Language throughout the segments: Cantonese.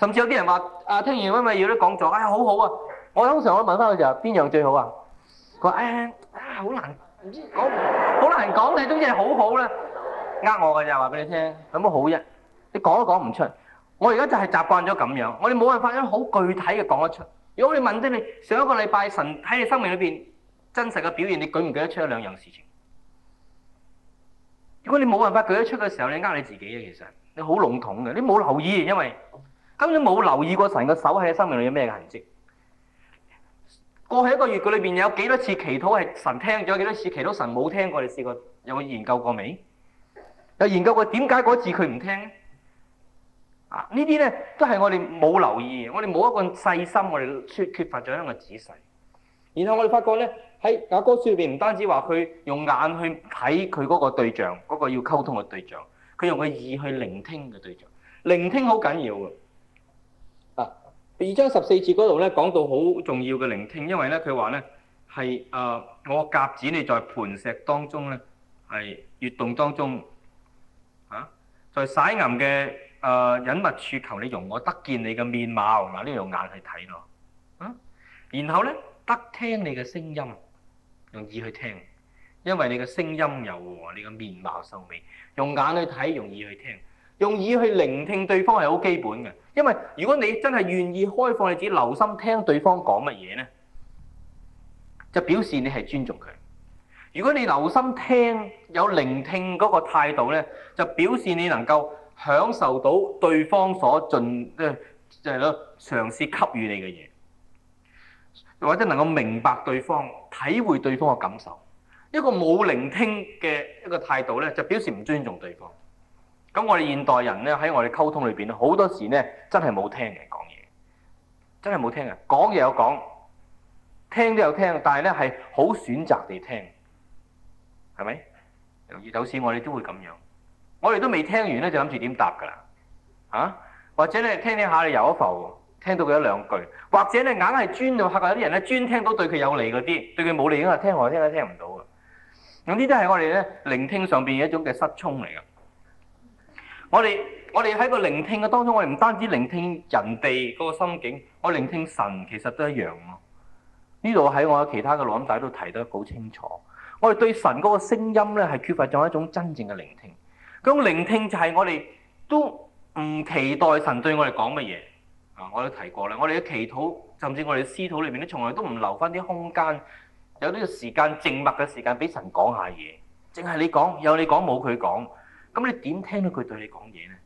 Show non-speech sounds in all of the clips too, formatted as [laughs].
甚至有啲人話：啊，聽完咁咪要啲講咗，哎呀，好好啊！我通常我問翻佢就係邊樣最好啊？佢話：誒、哎、啊，好、哎、難，唔講，難好難講。你啲嘢好好啦，呃我嘅咋？話俾你聽，有冇好啫？你講都講唔出。我而家就係習慣咗咁樣，我哋冇辦法將好具體嘅講得出。如果你問啲你上一個禮拜神喺你生命裏邊真實嘅表現，你舉唔舉得出一兩樣事情？如果你冇辦法舉得出嘅時候，你呃你自己啊，其實你好籠統嘅，你冇留意，因為，根本冇留意過神嘅手喺生命裏有咩嘅痕跡。過去一個月佢裏邊有幾多次祈禱係神聽咗？幾多次祈禱神冇聽過？你試過有研究過未？有研究過點解嗰次佢唔聽？啊，呢啲咧，都係我哋冇留意，我哋冇一個細心，我哋缺，缺乏咗一個仔細。然後我哋發覺咧喺雅歌書裏邊，唔單止話佢用眼去睇佢嗰個對象，嗰個要溝通嘅對象，佢用個耳去聆聽嘅對象，聆聽好緊要嘅。第二章十四節嗰度咧，講到好重要嘅聆聽，因為咧佢話咧係啊，我鴿子你在磐石當中咧，係穴洞當中啊，在曬岩嘅啊隱密處求你容我得見你嘅面貌，嗱呢用眼去睇咯啊，然後咧得聽你嘅聲音，用耳去聽，因為你嘅聲音柔和，你嘅面貌秀美，用眼去睇，用耳去聽，用耳去聆聽對方係好基本嘅。因為如果你真係願意開放你自己，留心聽對方講乜嘢呢，就表示你係尊重佢。如果你留心聽，有聆聽嗰個態度呢，就表示你能夠享受到對方所盡嘅，即係嘗試給予你嘅嘢，或者能夠明白對方、體會對方嘅感受。一個冇聆聽嘅一個態度呢，就表示唔尊重對方。咁我哋現代人咧，喺我哋溝通裏邊咧，好多時咧真係冇聽人講嘢，真係冇聽人講嘢有講，聽都有聽，但係咧係好選擇地聽，係咪？有時我哋都會咁樣，我哋都未聽完咧就諗住點答㗎啦，啊？或者你聽聽下你有一浮，聽到佢一兩句，或者你硬係專，有啲人咧專聽到對佢有利嗰啲，對佢冇利嘅聽，聽，聽，聽，聽我聽都聽唔到啊！咁呢啲係我哋咧聆聽上邊一種嘅失聰嚟㗎。我哋我哋喺個聆聽嘅當中，我哋唔單止聆聽人哋嗰個心境，我聆聽神其實都一樣咯。呢度喺我其他嘅錄音帶都提得好清楚。我哋對神嗰個聲音咧，係缺乏咗一種真正嘅聆聽。咁、嗰個、聆聽就係我哋都唔期待神對我哋講乜嘢。啊，我都提過啦，我哋嘅祈禱甚至我哋嘅私禱裏面，從都從來都唔留翻啲空間，有呢啲時間靜默嘅時間俾神講下嘢，淨係你講，有你講冇佢講。咁你點聽到佢對你講嘢呢？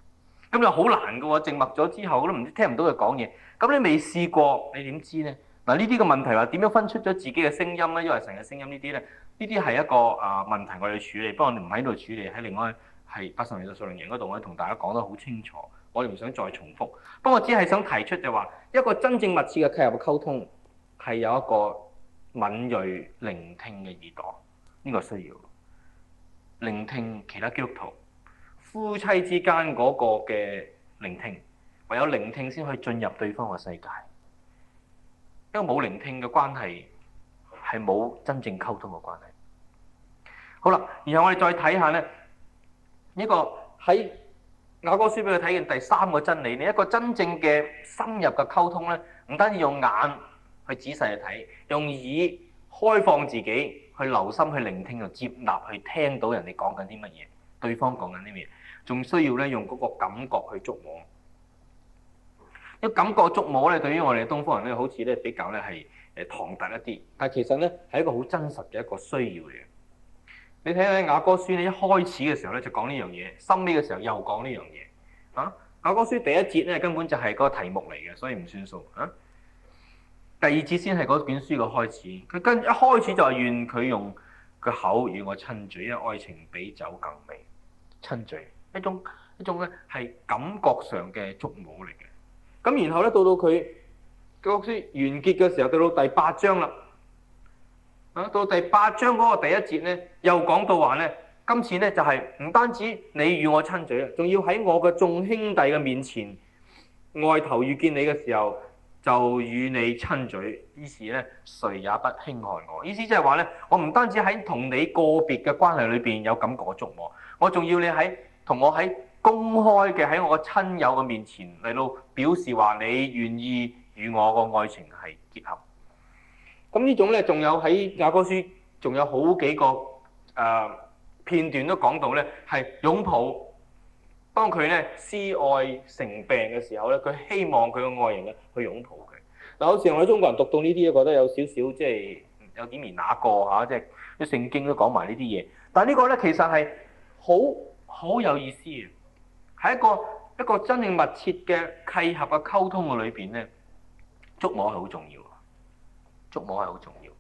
咁又好難嘅喎，靜默咗之後，我都唔知聽唔到佢講嘢。咁你未試過，你點知呢？嗱，呢啲嘅問題話點樣分出咗自己嘅聲音呢？因為成嘅聲音呢啲呢，呢啲係一個啊問題，我哋處理。不過你唔喺度處理，喺另外係八十年代嘅屬靈人嗰度，我同大家講得好清楚。我哋唔想再重複，不過只係想提出就話，一個真正密切嘅契合嘅溝通，係有一個敏鋭聆聽嘅耳朵，呢、呢個需要聆聽其他基督徒。夫妻之間嗰個嘅聆聽，唯有聆聽先可以進入對方嘅世界。因為冇聆聽嘅關係，係冇真正溝通嘅關係。好啦，然後我哋再睇下咧，呢、這個喺《雅哥書》俾佢睇嘅第三個真理。你一個真正嘅深入嘅溝通咧，唔單止用眼去仔細去睇，用耳開放自己去留心去聆聽同接納，去聽到人哋講緊啲乜嘢，對方講緊啲乜嘢。仲需要咧用嗰個感覺去捉摸，這個感覺捉摸咧，對於我哋東方人咧，好似咧比較咧係誒唐突一啲，但其實咧係一個好真實嘅一個需要嘅。你睇睇《雅歌書咧，一開始嘅時候咧就講呢樣嘢，收尾嘅時候又講呢樣嘢。啊，《雅歌書第一節咧根本就係嗰個題目嚟嘅，所以唔算數。啊，第二節先係嗰卷書嘅開始。佢跟一開始就係願佢用佢口與我親嘴，因為愛情比酒更美。親嘴。一種一種咧係感覺上嘅觸摸嚟嘅，咁然後咧到到佢個書完結嘅時候，到到第八章啦，到第八章嗰個第一節咧，又講到話咧，今次咧就係唔單止你與我親嘴啊，仲要喺我嘅眾兄弟嘅面前，外頭遇見你嘅時候就與你親嘴，於是咧誰也不輕害我。意思即係話咧，我唔單止喺同你個別嘅關係裏邊有感覺嘅觸摸，我仲要你喺，同我喺公開嘅喺我個親友嘅面前嚟到表示話，你願意與我個愛情係結合。咁呢種咧，仲有喺雅歌書，仲有好幾個誒、呃、片段都講到咧，係擁抱。當佢咧思愛成病嘅時候咧，佢希望佢個愛人咧去擁抱佢。嗱、嗯，好似我哋中國人讀到呢啲，覺得有少少即係有點兒那個嚇，即係啲聖經都講埋呢啲嘢。但係呢個咧其實係好。好有意思嘅，喺一個一個真正密切嘅契合嘅溝通嘅裏邊咧，觸摸係好重要，觸摸係好重要。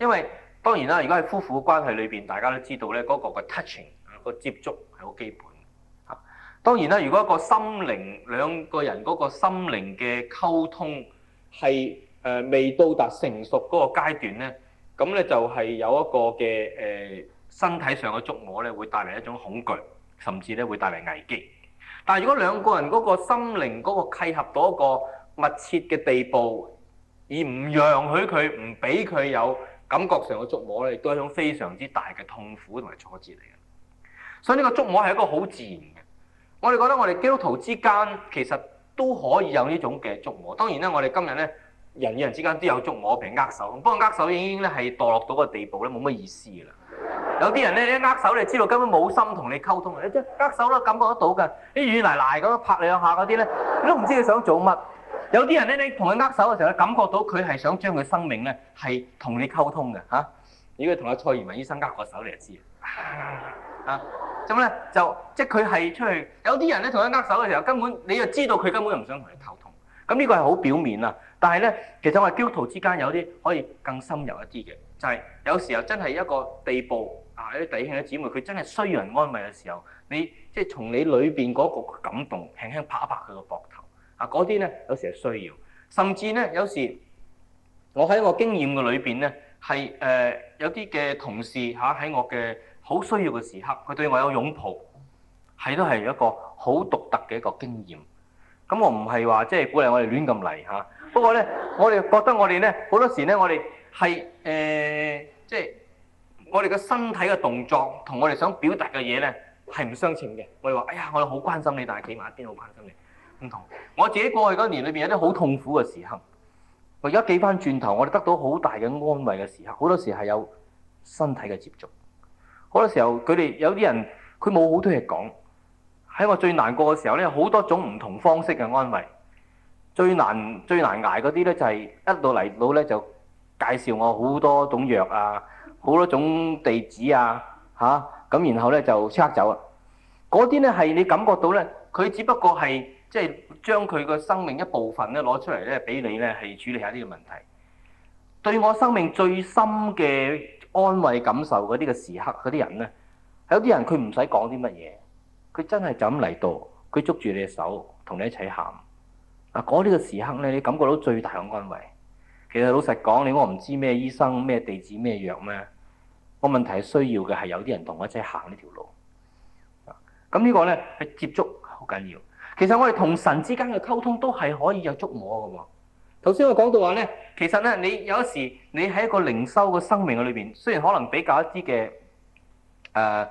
因為當然啦，如果喺夫婦關係裏邊，大家都知道咧，嗰個嘅 touching 啊，個接觸係好基本嚇。當然啦，如果一個心靈兩個人嗰個心靈嘅溝通係誒未到達成熟嗰個階段咧，咁咧就係有一個嘅誒、呃、身體上嘅觸摸咧，會帶嚟一種恐懼。甚至咧會帶嚟危機，但係如果兩個人嗰個心靈嗰個契合到一個密切嘅地步，而唔讓佢佢唔俾佢有感覺上嘅觸摸咧，亦都係一種非常之大嘅痛苦同埋挫折嚟嘅。所以呢個觸摸係一個好自然嘅。我哋覺得我哋基督徒之間其實都可以有呢種嘅觸摸。當然咧，我哋今日咧人與人之間都有觸摸，譬如握手，不過握手已經咧係墮落到個地步咧，冇乜意思噶啦。有啲人咧，你握手你係知道根本冇心同你溝通嘅，你即握手都感覺得到㗎。啲軟爛爛咁拍兩下嗰啲咧，你都唔知佢想做乜。有啲人咧，你同佢握手嘅時候，感覺到佢係想將佢生命咧係同你溝通嘅嚇、啊。如果同阿蔡綺文醫生握手，你就知啦嚇。咁、啊、咧、啊、就即係佢係出去。有啲人咧同佢握手嘅時候，根本你就知道佢根本就唔想同你溝通。咁、嗯、呢、這個係好表面啊。但係咧，其實我話基督徒之間有啲可以更深入一啲嘅，就係、是、有時候真係一個地步。喺啲、啊、弟兄、嘅姊妹，佢真係需要人安慰嘅時候，你即係從你裏邊嗰個感動，輕輕拍一拍佢個膊頭。啊，嗰啲咧有時係需要，甚至咧有時我喺我經驗嘅裏邊咧，係誒、呃、有啲嘅同事嚇喺我嘅好需要嘅時刻，佢對我有擁抱，係都係一個好獨特嘅一個經驗。咁我唔係話即係鼓勵我哋亂咁嚟嚇，不過咧我哋覺得我哋咧好多時咧我哋係誒即係。我哋嘅身體嘅動作同我哋想表達嘅嘢呢係唔相稱嘅。我哋話：哎呀，我哋好關心你，但係企埋一邊好關心你。唔同我自己過去嗰年裏邊有啲好痛苦嘅時候，我而家記翻轉頭，我哋得到好大嘅安慰嘅時候，好多時係有身體嘅接觸。好多時候佢哋有啲人佢冇好多嘢講。喺我最難過嘅時候呢，有好多種唔同方式嘅安慰。最難最難捱嗰啲呢，就係一到嚟到呢，就介紹我好多種藥啊。好多種地址啊，嚇、啊、咁，然後咧就即刻走啦。嗰啲咧係你感覺到咧，佢只不過係即係將佢個生命一部分咧攞出嚟咧，俾你咧係處理下呢個問題。對我生命最深嘅安慰感受嗰啲嘅時刻嗰啲人咧，有啲人佢唔使講啲乜嘢，佢真係就咁嚟到，佢捉住你隻手，同你一齊喊啊！嗰啲嘅時刻咧，你感覺到最大嘅安慰。其實老實講，你我唔知咩醫生、咩地址、咩藥咩。個問題需要嘅係有啲人同我一齊行呢條路。咁、嗯、呢個咧係接觸好緊要。其實我哋同神之間嘅溝通都係可以有觸摸㗎嘛。頭先我講到話咧，其實咧你有時你喺一個靈修嘅生命嘅裏邊，雖然可能比較一啲嘅誒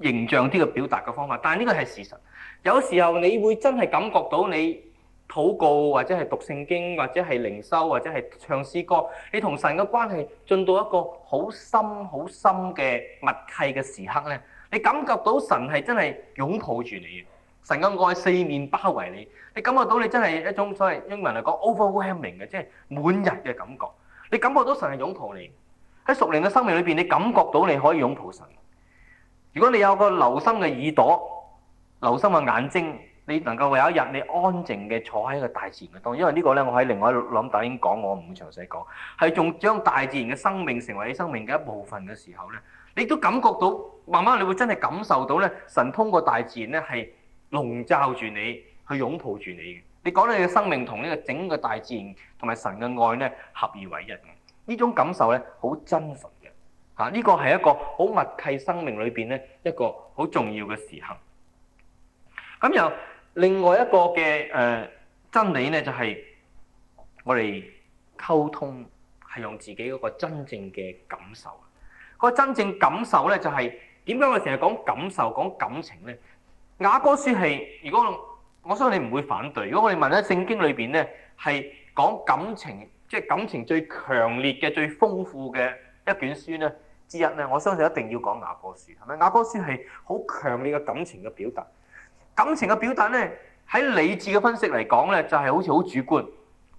形象啲嘅表達嘅方法，但係呢個係事實。有時候你會真係感覺到你。禱告或者係讀聖經或者係靈修或者係唱詩歌，你同神嘅關係進到一個好深好深嘅默契嘅時刻咧，你感覺到神係真係擁抱住你嘅，神嘅愛四面包圍你，你感覺到你真係一種所謂英文嚟講 overwhelming 嘅，Over warming, 即係滿溢嘅感覺。你感覺到神係擁抱你，喺熟練嘅生命裏邊，你感覺到你可以擁抱神。如果你有個留心嘅耳朵，留心嘅眼睛。你能夠有一日，你安靜嘅坐喺一個大自然嘅當，因為呢個咧，我喺另外一諗大已經講，我唔會詳細講，係仲將大自然嘅生命成為你生命嘅一部分嘅時候咧，你都感覺到慢慢，你會真係感受到咧，神通過大自然咧係籠罩住你，去擁抱住你嘅。你講你嘅生命同呢個整個大自然同埋神嘅愛咧合而為一嘅，呢種感受咧好真實嘅嚇。呢個係一個好密契生命裏邊咧一個好重要嘅時候。咁又～另外一個嘅誒真理咧，就係我哋溝通係用自己嗰個真正嘅感受。個真正感受咧，受就係點解我哋成日講感受、講感情咧？雅歌書係，如果我相信你唔會反對，如果我哋問咧，聖經裏邊咧係講感情，即係感情最強烈嘅、最豐富嘅一卷書咧之一咧，我相信一定要講雅歌書，係咪？雅歌書係好強烈嘅感情嘅表達。感情嘅表達咧，喺理智嘅分析嚟講咧，就係好似好主觀。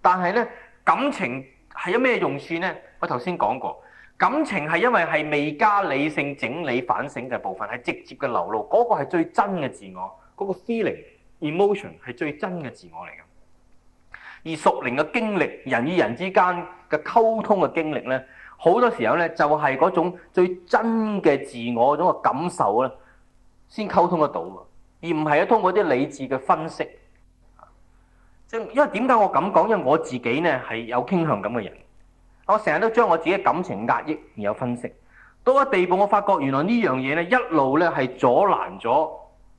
但係咧，感情係有咩用處咧？我頭先講過，感情係因為係未加理性整理反省嘅部分，係直接嘅流露。嗰個係最真嘅自我，嗰個 feeling、emotion 係最真嘅自我嚟嘅。而熟齡嘅經歷，人與人之間嘅溝通嘅經歷咧，好多時候咧就係嗰種最真嘅自我嗰種感受咧，先溝通得到。而唔係通過啲理智嘅分析，即因為點解我咁講？因為我自己呢係有傾向咁嘅人，我成日都將我自己嘅感情壓抑，而有分析到咗地步。我發覺原來呢樣嘢呢一路呢係阻攔咗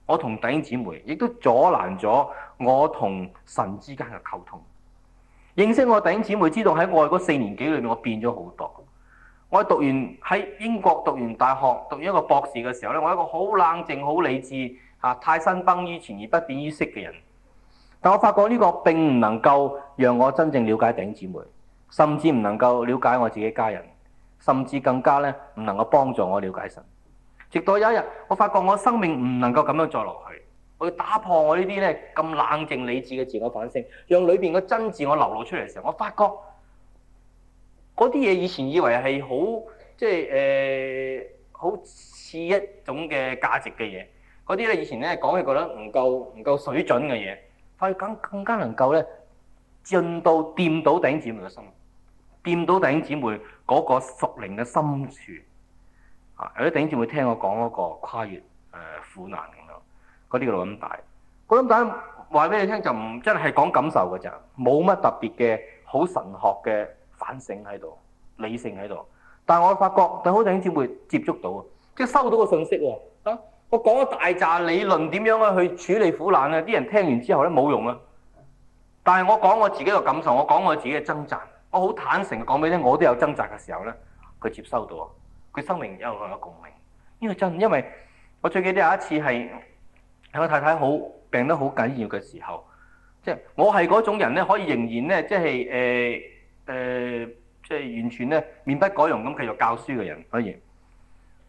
我同弟兄姊妹，亦都阻攔咗我同神之間嘅溝通。認識我弟兄姊妹，知道喺我嗰四年幾裏面，我變咗好多。我讀完喺英國讀完大學，讀完一個博士嘅時候呢，我一個好冷靜、好理智。啊！泰山崩於前而不變於色嘅人，但我發覺呢個並唔能夠讓我真正了解頂姊妹，甚至唔能夠了解我自己家人，甚至更加咧唔能夠幫助我了解神。直到有一日，我發覺我生命唔能夠咁樣再落去，我要打破我呢啲咧咁冷靜理智嘅自我反省，讓裏邊嘅真自我流露出嚟嘅時候，我發覺嗰啲嘢以前以為係好即係誒，好似一種嘅價值嘅嘢。嗰啲咧以前咧講嘅覺得唔夠唔夠水準嘅嘢，反而更更加能夠咧進到掂到弟兄姊妹嘅心，掂到弟兄姊妹嗰個屬靈嘅深處。啊，有啲弟兄姊妹聽我講嗰個跨越誒苦難咁樣，嗰啲錄音帶，錄音帶話俾你聽就唔真係講感受嘅咋，冇乜特別嘅好神學嘅反省喺度，理性喺度。但係我發覺好多弟兄姊妹接觸到啊，即係收到個信息喎，啊！我講咗大揸理論點樣啊去處理苦難咧，啲人聽完之後咧冇用啊。但係我講我自己嘅感受，我講我自己嘅掙扎，我好坦誠講俾你聽，我都有掙扎嘅時候咧，佢接收到，佢生命有有共鳴。呢個真，因為我最記得有一次係係我太太好病得好緊要嘅時候，即係我係嗰種人咧，可以仍然咧即係誒誒即係完全咧面不改容咁繼續教書嘅人可以。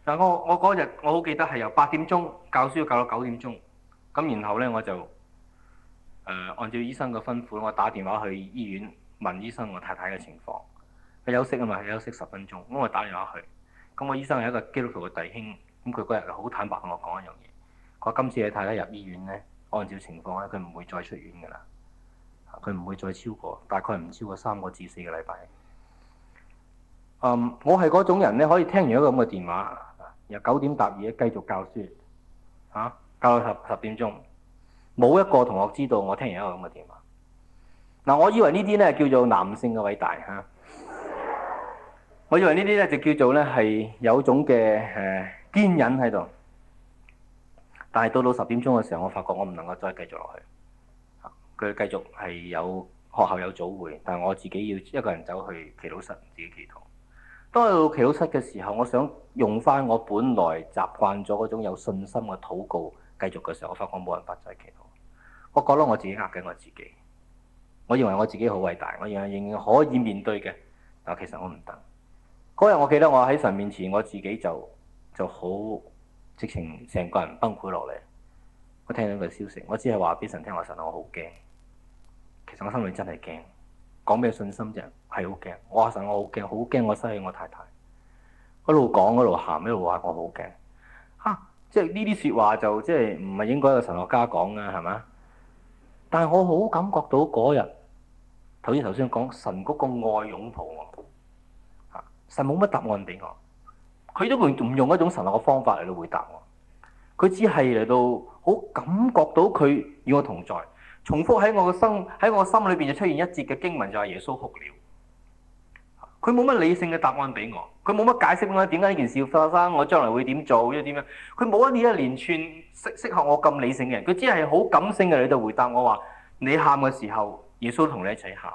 但我我嗰日我好記得係由八點鐘教書教到九點鐘，咁然後咧我就誒、呃、按照醫生嘅吩咐，我打電話去醫院問醫生我太太嘅情況，佢休息啊嘛，佢休息十分鐘，咁我打電話去，咁我醫生係一個基督徒嘅弟兄，咁佢嗰日好坦白同我講一樣嘢，佢話今次你太太入醫院咧，按照情況咧，佢唔會再出院噶啦，佢唔會再超過大概唔超過三個至四個禮拜。嗯，我係嗰種人咧，可以聽完一個咁嘅電話。由九點答嘢，繼續教書，嚇、啊、教到十十點鐘，冇一個同學知道我聽完一個咁嘅電話。嗱、啊，我以為呢啲呢叫做男性嘅偉大嚇、啊，我以為呢啲呢就叫做呢係有種嘅誒、呃、堅忍喺度。但係到到十點鐘嘅時候，我發覺我唔能夠再繼續落去。佢、啊、繼續係有學校有早會，但係我自己要一個人走去祈禱室自己祈禱。當我到祈禱室嘅時候，我想用翻我本來習慣咗嗰種有信心嘅禱告繼續嘅時候，我發覺冇辦法再祈禱。我覺得我自己呃緊我自己，我認為我自己好偉大，我認為我仍然可以面對嘅，但其實我唔得。嗰日我記得我喺神面前，我自己就就好，直情成個人崩潰落嚟。我聽到個消息，我只係話俾神聽，我神，我好驚。其實我心裏真係驚。講咩信心啫？係好驚，我話神，我好驚，好驚我失去我太太。一路講，一路喊，一路話我好驚。吓、啊，即係呢啲說話就即係唔係應該有神學家講㗎，係咪？但係我好感覺到嗰日，頭先頭先講神嗰個愛擁抱我，吓、啊、神冇乜答案俾我，佢都唔用一種神學嘅方法嚟到回答我，佢只係嚟到好感覺到佢與我同在。重複喺我嘅心，喺我心裏邊就出現一節嘅經文，就係耶穌哭了。佢冇乜理性嘅答案俾我，佢冇乜解釋點解點解呢件事發生，我將來會點做，又點樣？佢冇一啲一連串適適合我咁理性嘅人，佢只係好感性嘅你就回答我話：你喊嘅時候，耶穌同你一齊喊。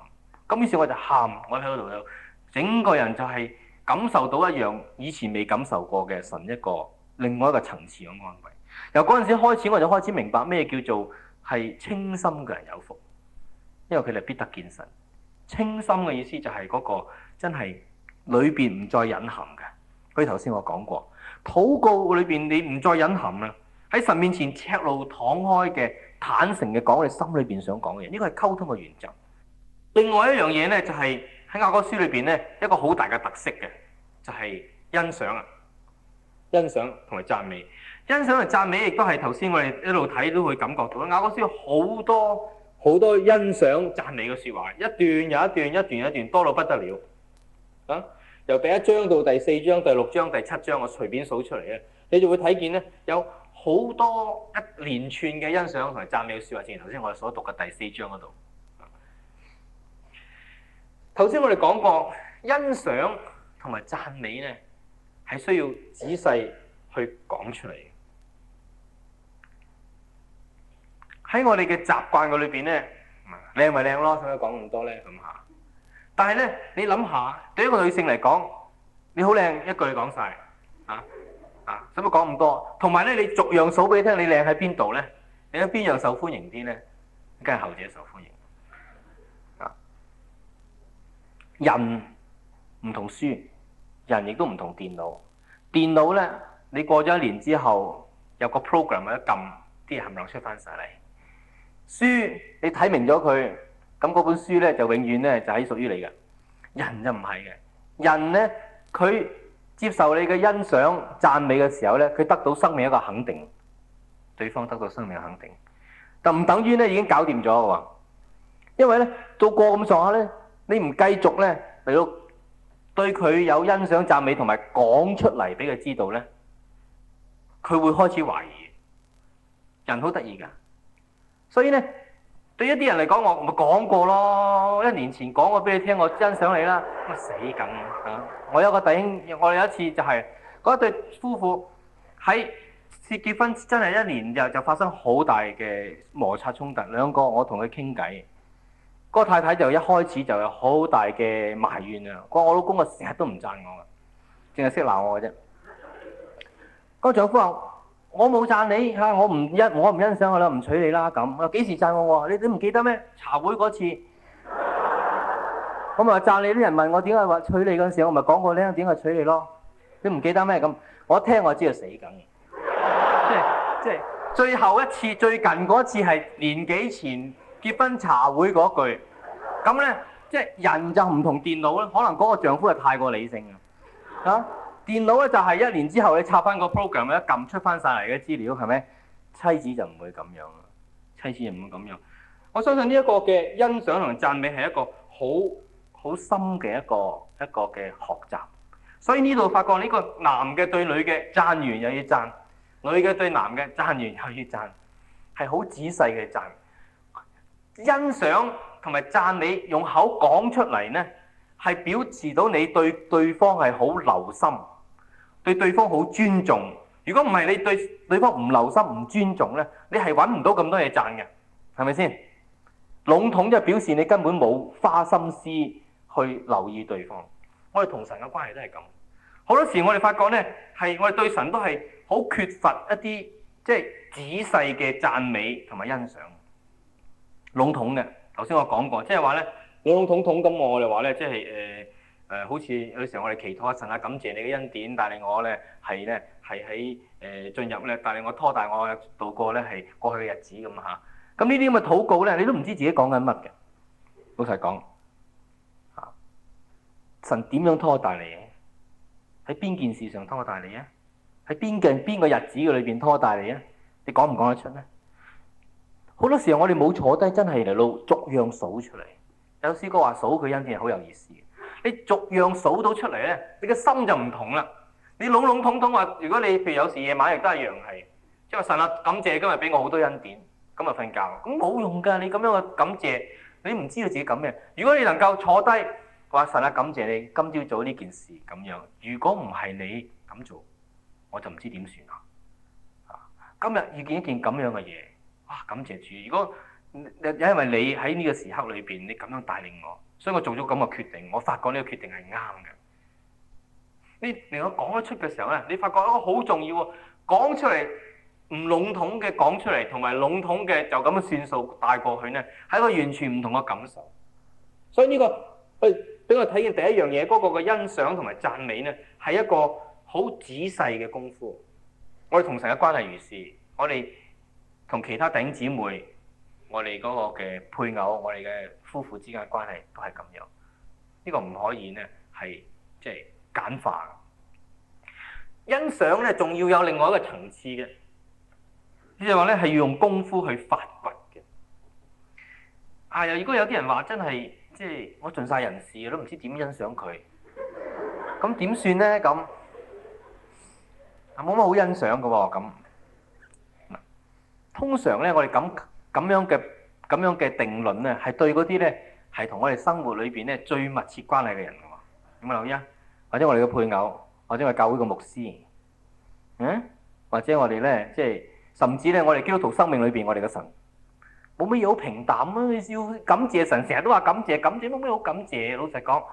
咁於是我就喊，我喺嗰度，整個人就係感受到一樣以前未感受過嘅神一個另外一個層次嘅安慰。由嗰陣時開始，我就開始明白咩叫做。係清心嘅人有福，因為佢哋必得見神。清心嘅意思就係嗰個真係裏邊唔再隱含嘅。所以頭先我講過，禱告裏邊你唔再隱含啦，喺神面前赤露敞開嘅，坦誠嘅講你心裏邊想講嘅嘢，呢個係溝通嘅原則。另外一樣嘢咧就係喺雅各書裏邊咧一個好大嘅特色嘅，就係欣賞啊，欣賞同埋讚美。欣賞同讚美亦都係頭先我哋一路睇都會感覺到，雅歌書好多好多欣賞讚美嘅説話，一段又一段，一段又一段，多到不得了。嗯，由第一章到第四章、第六章、第七章，我隨便數出嚟咧，你就會睇見咧，有好多一連串嘅欣賞同埋讚美嘅説話，正如頭先我哋所讀嘅第四章嗰度。頭先我哋講過欣賞同埋讚美呢，係需要仔細去講出嚟。喺我哋嘅習慣嘅裏邊咧，靚咪靚咯，使乜講咁多咧？咁嚇，但係咧，你諗下，對一個女性嚟講，你好靚一句講曬啊啊，使乜講咁多？同埋咧，你逐樣數俾你聽，你靚喺邊度咧？你睇邊樣受歡迎啲咧？梗係後者受歡迎啊！人唔同書，人亦都唔同電腦。電腦咧，你過咗一年之後，有個 program，你一撳，啲含量出翻曬嚟。書你睇明咗佢，咁嗰本書咧就永遠咧就喺屬於你嘅。人就唔係嘅，人咧佢接受你嘅欣賞讚美嘅時候咧，佢得到生命一個肯定，對方得到生命嘅肯定，但唔等於咧已經搞掂咗。因為咧做過咁上下咧，你唔繼續咧，你要對佢有欣賞讚美同埋講出嚟俾佢知道咧，佢會開始懷疑。人好得意㗎。所以咧，對一啲人嚟講，我咪講過咯。一年前講過俾你聽，我欣賞你啦。咁啊死梗嚇！我有個弟兄，我有一次就係嗰對夫婦喺結婚真係一年之後就發生好大嘅摩擦衝突。兩個，我同佢傾偈，嗰個太太就一開始就有好大嘅埋怨啊，講我老公啊成日都唔讚我啊，淨係識鬧我嘅啫。嗰個丈夫，我冇讚你嚇？我唔欣我唔欣賞佢啦，唔娶你啦咁。我幾時讚我？你你唔記得咩？茶會嗰次， [laughs] 我咪讚你啲人問我點解話娶你嗰陣時，我咪講過呢點解娶你咯？你唔記得咩咁？我一聽我就知道就死梗。即係即係最後一次最近嗰次係年幾前結婚茶會嗰句。咁咧即係人就唔同電腦啦，可能嗰個丈夫係太過理性啦嚇。啊電腦咧就係一年之後，你插翻個 program 一撳出翻晒嚟嘅資料，係咪？妻子就唔會咁樣啦，妻子唔會咁樣。我相信呢一個嘅欣賞同讚美係一個好好深嘅一個一個嘅學習。所以呢度發覺呢個男嘅對女嘅讚完又要讚，女嘅對男嘅讚完又要讚，係好仔細嘅讚。欣賞同埋讚美用口講出嚟呢，係表示到你對對方係好留心。對對方好尊重，如果唔係你對對方唔留心、唔尊重咧,你係揾唔到咁多嘢讚嘅，係咪先？籠統就表示你根本冇花心思去留意對方。我哋同神嘅關係都係咁，好多時我哋發覺咧，係我哋對神都係好缺乏一啲即係仔細嘅讚美同埋欣賞，籠統嘅。頭先我講過，即係話咧，籠籠統統咁我哋話咧，即係誒。呃誒、呃，好似有啲時候我哋祈禱一陣啊，神感謝你嘅恩典帶領，帶領我咧係咧係喺誒進入咧，帶領我拖大我度過咧係過去嘅日子咁嚇。咁呢啲咁嘅禱告咧，你都唔知自己講緊乜嘅。老實講，嚇，神點樣拖大你？喺邊件事上拖大你啊？喺邊嘅邊個日子嘅裏邊拖大你啊？你講唔講得出咧？好多時候我哋冇坐低，真係嚟到逐樣數出嚟。有詩歌話數佢恩典係好有意思。你逐樣數到出嚟咧，你嘅心就唔同啦。你籠籠統統話，如果你譬如有時夜晚亦都係一樣係，即係話神啊，感謝今日俾我好多恩典，今日瞓覺，咁冇用噶。你咁樣嘅感謝，你唔知道自己感咩？如果你能夠坐低話神啊，感謝你今朝早呢件事咁樣。如果唔係你咁做，我就唔知點算啦。今日遇見一件咁樣嘅嘢，哇！感謝主，如果因為你喺呢個時刻裏邊，你咁樣帶領我。所以我做咗咁嘅決定，我發覺呢個決定係啱嘅。你令我講得出嘅時候咧，你發覺一個好重要，講出嚟唔籠統嘅講出嚟，同埋籠統嘅就咁樣算數帶過去呢，係一個完全唔同嘅感受。所以呢、這個，俾我睇嘅第一樣嘢，嗰、那個嘅欣賞同埋讚美呢，係一個好仔細嘅功夫。我哋同神嘅關係如是，我哋同其他頂姊妹。我哋嗰個嘅配偶，我哋嘅夫婦之間關係都係咁樣，呢個唔可以呢，係即係簡化嘅。欣賞呢，仲要有另外一個層次嘅，呢係話呢，係要用功夫去發掘嘅。啊，又如果有啲人話真係即係我盡晒人事都唔知點欣賞佢，咁點算呢？咁係冇乜好欣賞嘅喎。咁通常呢，我哋咁。咁樣嘅咁樣嘅定論咧，係對嗰啲咧係同我哋生活裏邊咧最密切關係嘅人喎。有冇留意啊？或者我哋嘅配偶，或者我哋教會嘅牧師，嗯，或者我哋咧，即係甚至咧，我哋基督徒生命裏邊我哋嘅神，冇乜嘢好平淡啊！你要感謝神，成日都話感謝感謝，冇咩好感謝。老實講，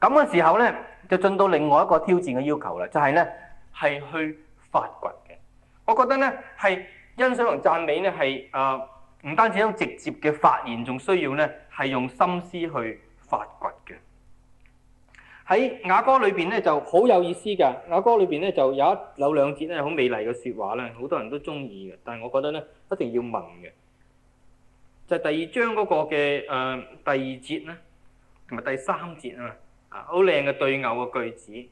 咁嘅時候咧，就進到另外一個挑戰嘅要求啦，就係咧係去發掘嘅。我覺得咧係欣賞同讚美咧係啊～唔單止有直接嘅發言，仲需要咧係用心思去發掘嘅。喺雅歌裏邊咧就好有意思嘅，雅歌裏邊咧就有一有兩節咧好美麗嘅説話啦，好多人都中意嘅，但係我覺得咧一定要問嘅，就係、是、第二章嗰個嘅誒、呃、第二節咧同埋第三節啊，啊好靚嘅對偶嘅句子，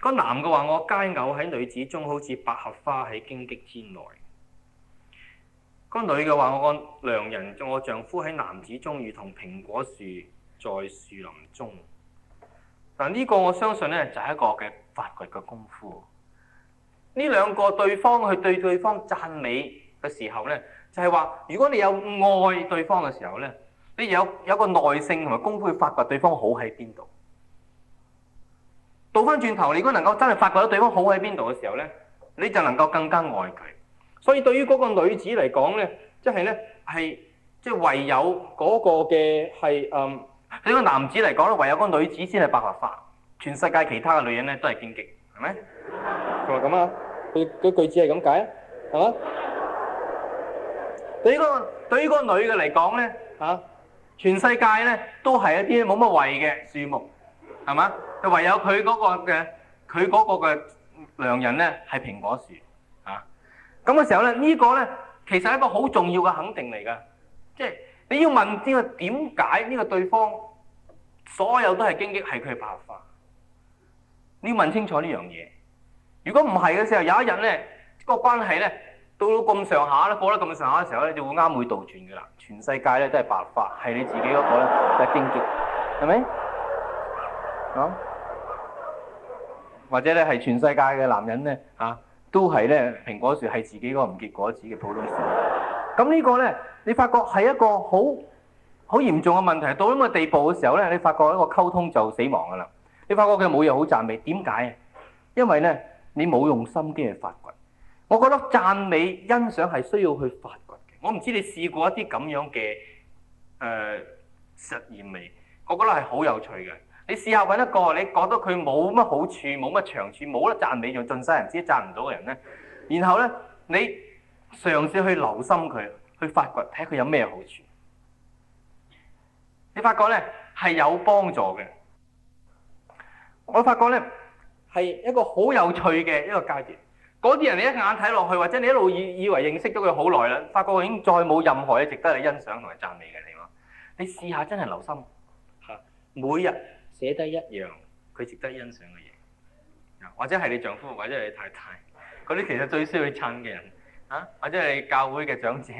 個男嘅話我佳偶喺女子中好似百合花喺荊棘之內。個女嘅話：我個良人，我丈夫喺男子中，如同蘋果樹在樹林中。但呢個我相信咧，就係一個嘅發掘嘅功夫。呢兩個對方去對對方讚美嘅時候咧，就係話：如果你有愛對方嘅時候咧，你有有個耐性同埋功夫去發掘對方好喺邊度。倒翻轉頭，你如果能夠真係發掘到對方好喺邊度嘅時候咧，你就能夠更加愛佢。所以對於嗰個女子嚟講咧，即係咧係即係唯有嗰個嘅係嗯，對於個男子嚟講咧，唯有嗰個女子先係百合花，全世界其他嘅女人咧都係荊棘，係咪？就係咁啊！佢句子係咁解，係嘛、 [laughs] 這個？對於個對於個女嘅嚟講咧，嚇全世界咧都係一啲冇乜謂嘅樹木，係嘛？就唯有佢嗰個嘅佢嗰個嘅良人咧係蘋果樹。咁嘅時候咧，呢、呢個咧其實係一個好重要嘅肯定嚟㗎，即、就、係、是、你要問知個點解呢個對方所有都係攻擊係佢白化，你要問清楚呢樣嘢。如果唔係嘅時候，有一日咧個關係咧到到咁上下咧過得咁上下嘅時候咧，就會啱會倒轉㗎啦。全世界咧都係白化，係你自己嗰個咧係攻擊，係咪？啊？或者咧係全世界嘅男人咧嚇？啊都係咧，蘋果樹係自己個唔結果子嘅普通樹。咁呢個咧，你發覺係一個好好嚴重嘅問題。到咁個地步嘅時候咧，你發覺一個溝通就死亡㗎啦。你發覺佢冇嘢好讚美，點解啊？因為咧，你冇用心機去發掘。我覺得讚美、欣賞係需要去發掘嘅。我唔知你試過一啲咁樣嘅誒、呃、實驗未？我覺得係好有趣嘅。你試下揾一個，你覺得佢冇乜好處、冇乜長處、冇得讚美，仲盡世人之讚唔到嘅人咧。然後咧，你嘗試去留心佢，去發掘睇佢有咩好處。你發覺咧係有幫助嘅。我發覺咧係一個好有趣嘅一個階段。嗰啲人你一眼睇落去，或者你一路以以為認識咗佢好耐啦，發覺已經再冇任何嘢值得你欣賞同埋讚美嘅。你話你試下真係留心，每日。寫得一樣，佢值得欣賞嘅嘢，或者係你丈夫，或者係你太太，嗰啲其實最需要親嘅人啊，或者係你教會嘅長者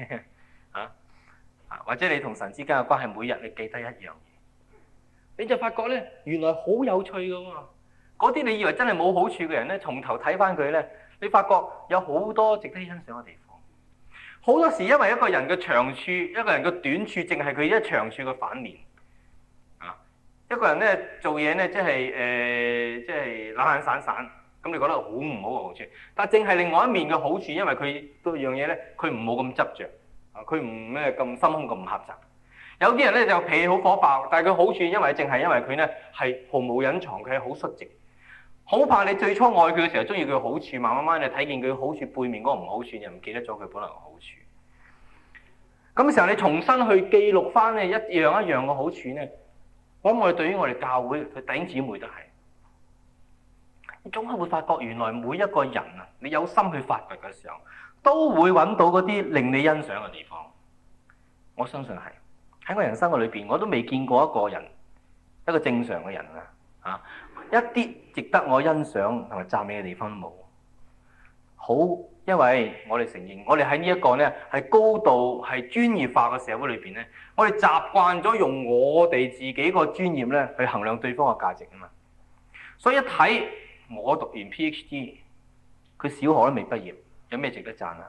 啊，或者你同神之間嘅關係，每日你記得一樣嘢，你就發覺咧，原來好有趣嘅嘛、啊。嗰啲你以為真係冇好處嘅人咧，從頭睇翻佢咧，你發覺有好多值得欣賞嘅地方。好多時因為一個人嘅長處，一個人嘅短處，淨係佢一長處嘅反面。一個人咧做嘢咧，即係誒、呃，即係懶懶散散，咁你覺得好唔好嘅好處？但正係另外一面嘅好處，因為佢都樣嘢咧，佢唔冇咁執着，啊，佢唔咩咁心胸咁狹窄。有啲人咧就脾氣好火爆，但係佢好處，因為淨係因為佢咧係毫無隱藏，佢係好率直。好怕你最初愛佢嘅時候，中意佢好處，慢慢慢你睇見佢好處背面嗰個唔好處，又唔記得咗佢本來嘅好處。咁時候你重新去記錄翻咧一樣一樣嘅好處咧。我於我哋對於我哋教會弟兄姊妹都係，你總係會發覺原來每一個人啊，你有心去發掘嘅時候，都會揾到嗰啲令你欣賞嘅地方。我相信係喺我人生嘅裏邊，我都未見過一個人，一個正常嘅人啊，嚇一啲值得我欣賞同埋讚美嘅地方都冇。好，因為我哋承認，我哋喺呢一個咧，係高度係專業化嘅社會裏邊咧。我哋習慣咗用我哋自己個專業咧去衡量對方嘅價值啊嘛，所以一睇我讀完 PhD，佢小學都未畢業，有咩值得讚啊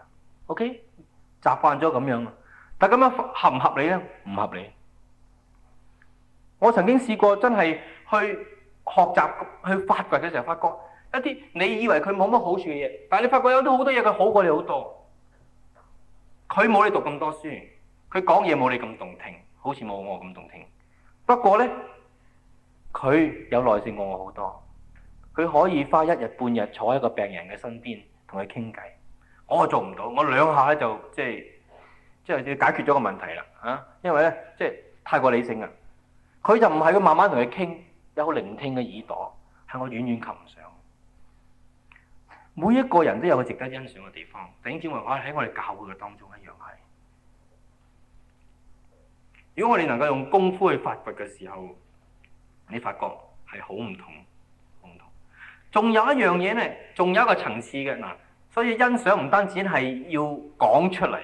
？OK，習慣咗咁樣，但係咁樣合唔合理咧？唔合理。我曾經試過真係去學習去發掘嘅時候，發覺一啲你以為佢冇乜好處嘅嘢，但係你發覺有啲好多嘢佢好過你好多，佢冇你讀咁多書。佢講嘢冇你咁動聽，好似冇我咁動聽。不過咧，佢有耐性過我好多。佢可以花一日半日坐喺個病人嘅身邊同佢傾偈，我做唔到。我兩下咧就即係即係解決咗個問題啦啊！因為咧即係太過理性啊。佢就唔係佢慢慢同佢傾，有好聆聽嘅耳朵，係我遠遠及唔上。每一個人都有個值得欣賞嘅地方，頂住我喺我哋教會嘅當中一樣。如果我哋能夠用功夫去發掘嘅時候，你發覺係好唔同，唔同。仲有一樣嘢咧，仲有一個層次嘅嗱，所以欣賞唔單止係要講出嚟，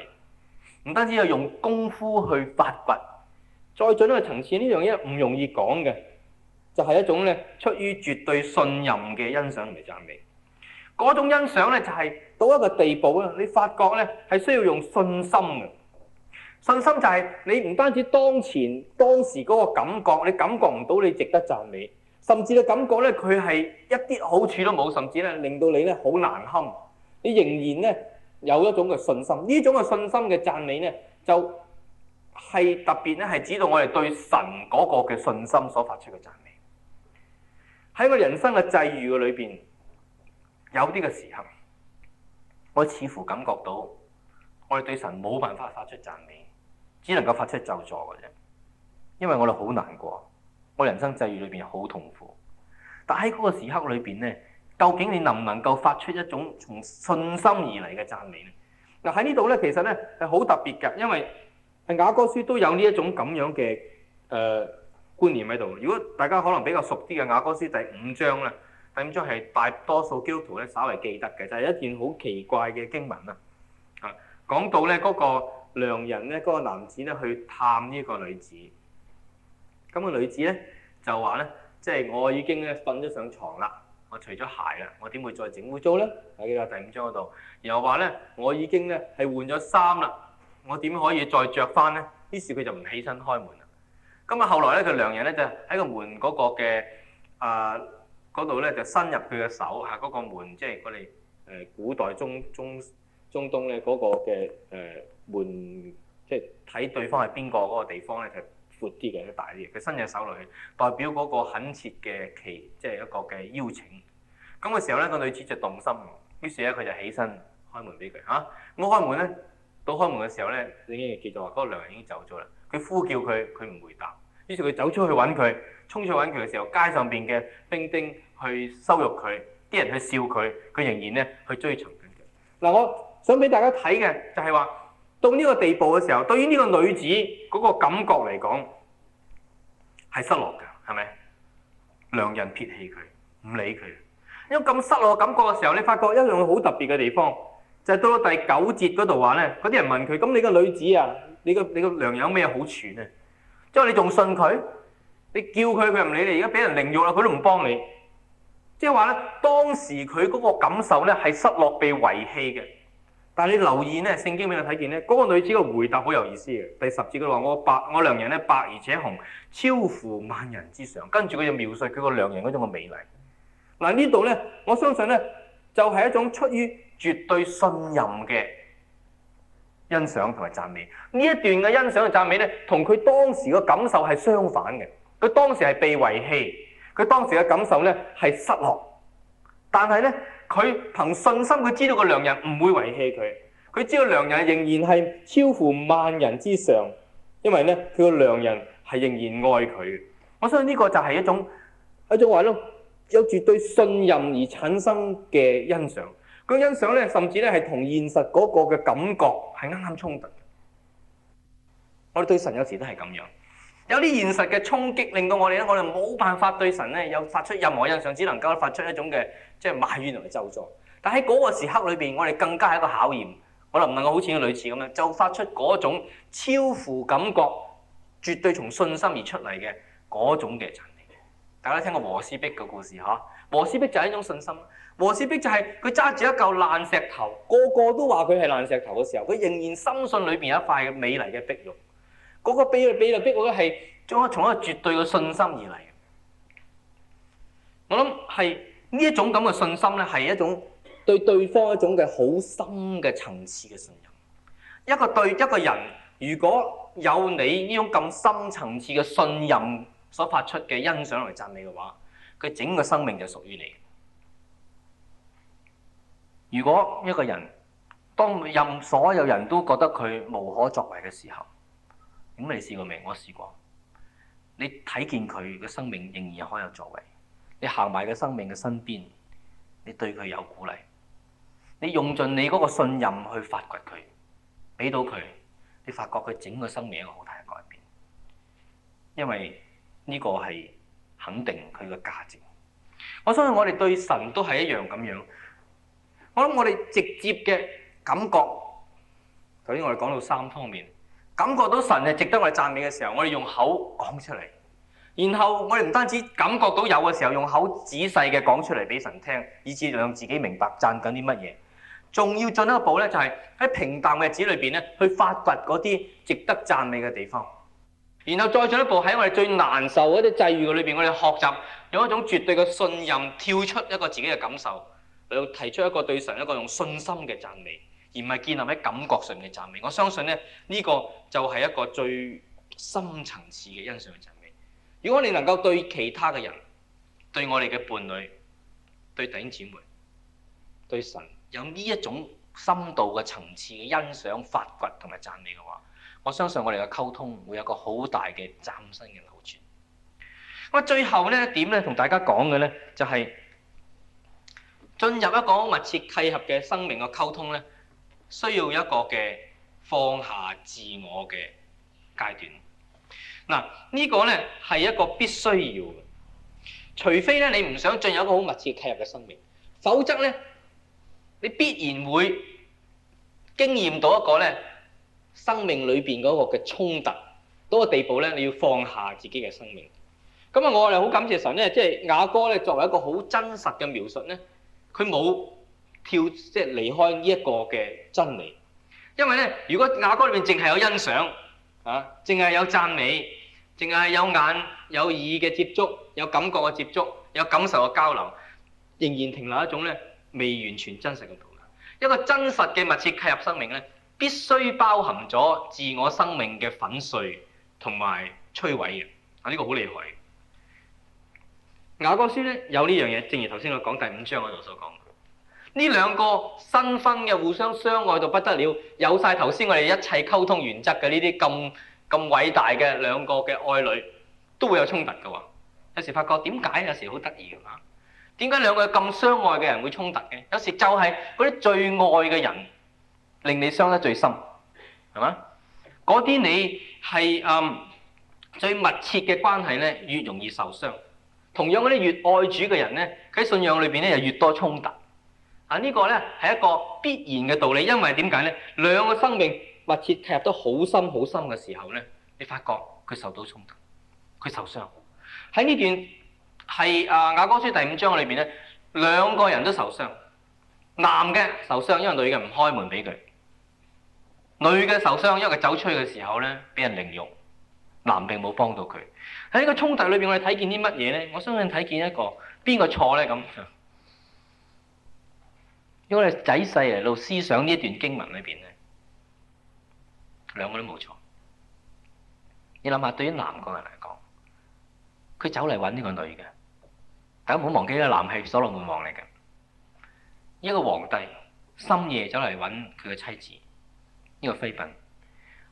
唔單止要用功夫去發掘，再進一個層次呢樣嘢唔容易講嘅，就係、是、一種咧出於絕對信任嘅欣賞嚟讚美。嗰種欣賞咧就係到一個地步咧，你發覺咧係需要用信心嘅。信心就係你唔單止當前當時嗰個感覺，你感覺唔到你值得讚美，甚至你感覺咧佢係一啲好處都冇，甚至咧令到你咧好難堪，你仍然咧有一種嘅信心。呢種嘅信心嘅讚美咧，就係特別咧係指導我哋對神嗰個嘅信心所發出嘅讚美。喺我人生嘅際遇嘅裏邊，有啲嘅時刻，我似乎感覺到我哋對神冇辦法發出讚美。只能夠發出救助嘅啫，因為我哋好難過，我人生際遇裏邊好痛苦。但喺嗰個時刻裏邊咧，究竟你能唔能夠發出一種從信心而嚟嘅讚美咧？嗱喺呢度咧，其實咧係好特別嘅，因為雅歌書都有呢一種咁樣嘅誒、呃、觀念喺度。如果大家可能比較熟啲嘅雅歌書第五章咧，第五章係大多數基督徒咧稍為記得嘅，就係、是、一件好奇怪嘅經文啊！啊，講到咧、那、嗰個。良人咧，嗰個男子咧去探呢個女子，咁、這個女子咧就話咧，即係我已經咧瞓咗上床啦，我除咗鞋啦，我點會再整污糟咧？喺呢個第五章嗰度，然後話咧，我已經咧係換咗衫啦，我點可以再着翻咧？於是佢就唔起身開門啦。咁啊，後來咧，佢良人咧就喺個門嗰個嘅啊嗰度咧就伸入佢嘅手嚇嗰、那個門，即係我哋誒古代中中。東東咧嗰個嘅誒門，即係睇對方係邊個嗰個地方咧，就係闊啲嘅，大啲嘅。佢伸隻手落去，代表嗰個懇切嘅期，即係一個嘅邀請。咁嘅時候咧，個女子就動心，於是咧佢就起身開門俾佢嚇。我、啊、開門咧，到開門嘅時候咧，你已經見到嗰個良人已經走咗啦。佢呼叫佢，佢唔回答。於是佢走出去揾佢，衝出去揾佢嘅時候，街上邊嘅兵丁去羞辱佢，啲人去笑佢，佢仍然咧去追尋緊佢。嗱我。想俾大家睇嘅就係話到呢個地步嘅時候，對於呢個女子嗰個感覺嚟講係失落嘅，係咪？良人撇棄佢，唔理佢。因為咁失落嘅感覺嘅時候，你發覺一樣好特別嘅地方，就係到咗第九節嗰度話咧，嗰啲人問佢，咁你個女子啊，你個你個良人有咩好處呢？即係你仲信佢？你叫佢佢唔理你，而家俾人凌辱啦，佢都唔幫你。即係話咧，當時佢嗰個感受咧係失落被遺棄嘅。但係你留意咧，聖經俾我睇見咧，嗰個女子嘅回答好有意思嘅。第十節佢話：我白我良人咧，白而且紅，超乎萬人之上。跟住佢就描述佢個良人嗰種嘅美麗。嗱，呢度咧，我相信咧就係一種出於絕對信任嘅欣賞同埋讚美。呢一段嘅欣賞同讚美咧，同佢當時嘅感受係相反嘅。佢當時係被遺棄，佢當時嘅感受咧係失落，但係咧。佢憑信心，佢知道個良人唔會遺棄佢，佢知道良人仍然係超乎萬人之上，因為咧佢個良人係仍然愛佢。我相信呢個就係一種一種話咧，有絕對信任而產生嘅欣賞。個欣賞咧，甚至咧係同現實嗰個嘅感覺係啱啱衝突。我哋對神有時都係咁樣。有啲現實嘅衝擊令到我哋咧，我哋冇辦法對神咧有發出任何印象，只能夠發出一種嘅即係埋怨同埋咒詛。但喺嗰個時刻裏邊，我哋更加係一個考驗。我哋唔能夠好似個類似咁樣，就發出嗰種超乎感覺、絕對從信心而出嚟嘅嗰種嘅神力。大家都聽過和氏璧嘅故事嚇？和氏璧就係一種信心。和氏璧就係佢揸住一嚿爛石頭，個個都話佢係爛石頭嘅時候，佢仍然深信裏邊有一塊美麗嘅碧玉。嗰個比率，逼就逼，嗰個係將從一個絕對嘅信心而嚟嘅。我諗係呢一種咁嘅信心咧，係一種對對方一種嘅好深嘅層次嘅信任。一個對一個人如果有你呢種咁深層次嘅信任所發出嘅欣賞嚟讚美嘅話，佢整個生命就屬於你。如果一個人當任所有人都覺得佢無可作為嘅時候，咁、嗯、你試過未？我試過。你睇見佢嘅生命仍然可以有作為，你行埋佢生命嘅身邊，你對佢有鼓勵，你用盡你嗰個信任去發掘佢，俾到佢，你發覺佢整個生命一個好大嘅改變。因為呢個係肯定佢嘅價值。我相信我哋對神都係一樣咁樣。我諗我哋直接嘅感覺，頭先我哋講到三方面。感覺到神係值得我哋讚美嘅時候，我哋用口講出嚟。然後我哋唔單止感覺到有嘅時候，用口仔細嘅講出嚟俾神聽，以至讓自己明白讚緊啲乜嘢。仲要進一步呢，就係喺平淡嘅日子裏邊咧，去發掘嗰啲值得讚美嘅地方。然後再進一步喺我哋最難受嗰啲際遇裏邊，我哋學習用一種絕對嘅信任，跳出一個自己嘅感受，嚟提出一個對神一個用信心嘅讚美。而唔係建立喺感覺上嘅讚美，我相信咧呢個就係一個最深層次嘅欣賞嘅讚美。如果你能夠對其他嘅人、對我哋嘅伴侶、對弟兄姊妹、對神有呢一種深度嘅層次嘅欣賞、發掘同埋讚美嘅話，我相信我哋嘅溝通會有個好大嘅嶄新嘅流轉。咁最後咧，點咧同大家講嘅呢，就係、是、進入一個密切契合嘅生命嘅溝通呢。需要一個嘅放下自我嘅階段。嗱，這個、呢個咧係一個必須要嘅，除非咧你唔想進入一個好密切契入嘅生命，否則咧你必然會經驗到一個咧生命裏邊嗰個嘅衝突嗰個地步咧，你要放下自己嘅生命。咁啊，我哋好感謝神咧，即係雅歌咧作為一個好真實嘅描述咧，佢冇。跳即係離開呢一個嘅真理，因為咧，如果雅歌裏面淨係有欣賞，啊，淨係有讚美，淨係有眼有耳嘅接觸，有感覺嘅接觸，有感受嘅交流，仍然停留一種咧未完全真實嘅狀態。一個真實嘅密切契入生命咧，必須包含咗自我生命嘅粉碎同埋摧毀嘅，啊，呢、呢個好厲害。雅歌書咧有呢樣嘢，正如頭先我講第五章嗰度所講。呢兩個新婚嘅互相相愛到不得了，有晒頭先我哋一切溝通原則嘅呢啲咁咁偉大嘅兩個嘅愛侶，都會有衝突嘅喎。有時發覺點解？有時好得意嘅嚇，點解兩個咁相愛嘅人會衝突嘅？有時就係嗰啲最愛嘅人，令你傷得最深，係嘛？嗰啲你係、嗯、最密切嘅關係呢，越容易受傷。同樣嗰啲越愛主嘅人咧，喺信仰裏邊呢又越多衝突。啊！呢、這個呢，係一個必然嘅道理，因為點解呢？兩個生命密切踏入到好深好深嘅時候呢，你發覺佢受到衝突，佢受傷。喺呢段係啊雅歌書第五章裏邊呢，兩個人都受傷，男嘅受傷，因為女嘅唔開門俾佢；女嘅受傷，因為佢走出去嘅時候呢，俾人凌辱。男並冇幫到佢。喺呢個衝突裏邊，我哋睇見啲乜嘢呢？我相信睇見一個邊個錯呢？咁。因為你仔細嚟到思想呢一段經文裏邊咧，兩個都冇錯。你諗下，對於男個人嚟講，佢走嚟揾呢個女嘅，大家唔好忘記咧，男係所羅門王嚟嘅，一個皇帝，深夜走嚟揾佢嘅妻子，呢個妃嬪。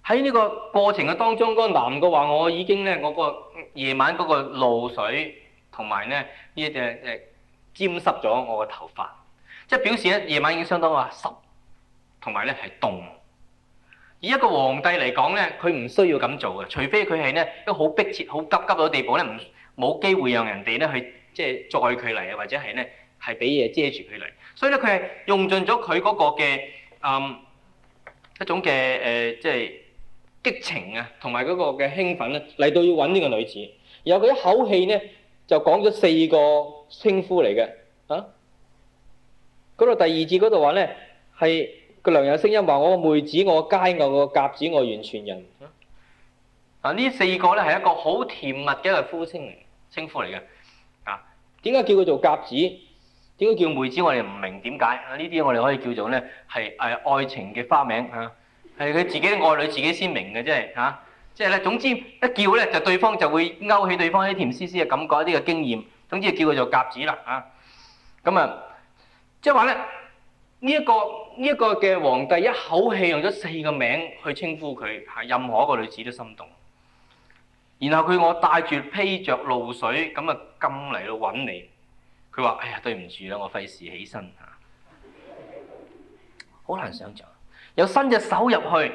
喺呢個過程嘅當中，嗰個男嘅話我已經咧，我個夜晚嗰個露水同埋咧呢只誒沾濕咗我嘅頭髮。即係表示咧，夜晚已經相當啊濕，同埋咧係凍。以一個皇帝嚟講咧，佢唔需要咁做嘅，除非佢係咧都好迫切、好急急到地步咧，唔冇機會讓人哋咧去即係載佢嚟啊，或者係咧係俾嘢遮住佢嚟。所以咧，佢係用盡咗佢嗰個嘅嗯一種嘅誒、呃，即係激情啊，同埋嗰個嘅興奮咧，嚟到要揾呢個女子。然後佢一口氣咧就講咗四個稱呼嚟嘅啊。度第二節嗰度話咧，係個良人聲音話：我個妹子，我佳偶，我鴿子，我完全人。啊！呢四個咧係一個好甜蜜嘅一個呼稱嚟，稱呼嚟嘅。啊，點解叫佢做鴿子？點解叫妹子？我哋唔明點解。啊，呢啲我哋可以叫做咧係誒愛情嘅花名啊。係佢自己愛女自己先明嘅、啊啊，即係嚇。即係咧，總之一叫咧就對方就會勾起對方啲甜絲絲嘅感覺，一啲嘅經驗。總之叫佢做鴿子啦。啊，咁啊～啊即係話咧，呢一個呢一個嘅皇帝一口氣用咗四個名去稱呼佢，係任何一個女子都心動。然後佢我帶住披着露水咁啊，咁嚟到揾你。佢話：哎呀，對唔住啦，我費事起身嚇，好難想象。有伸隻手入去，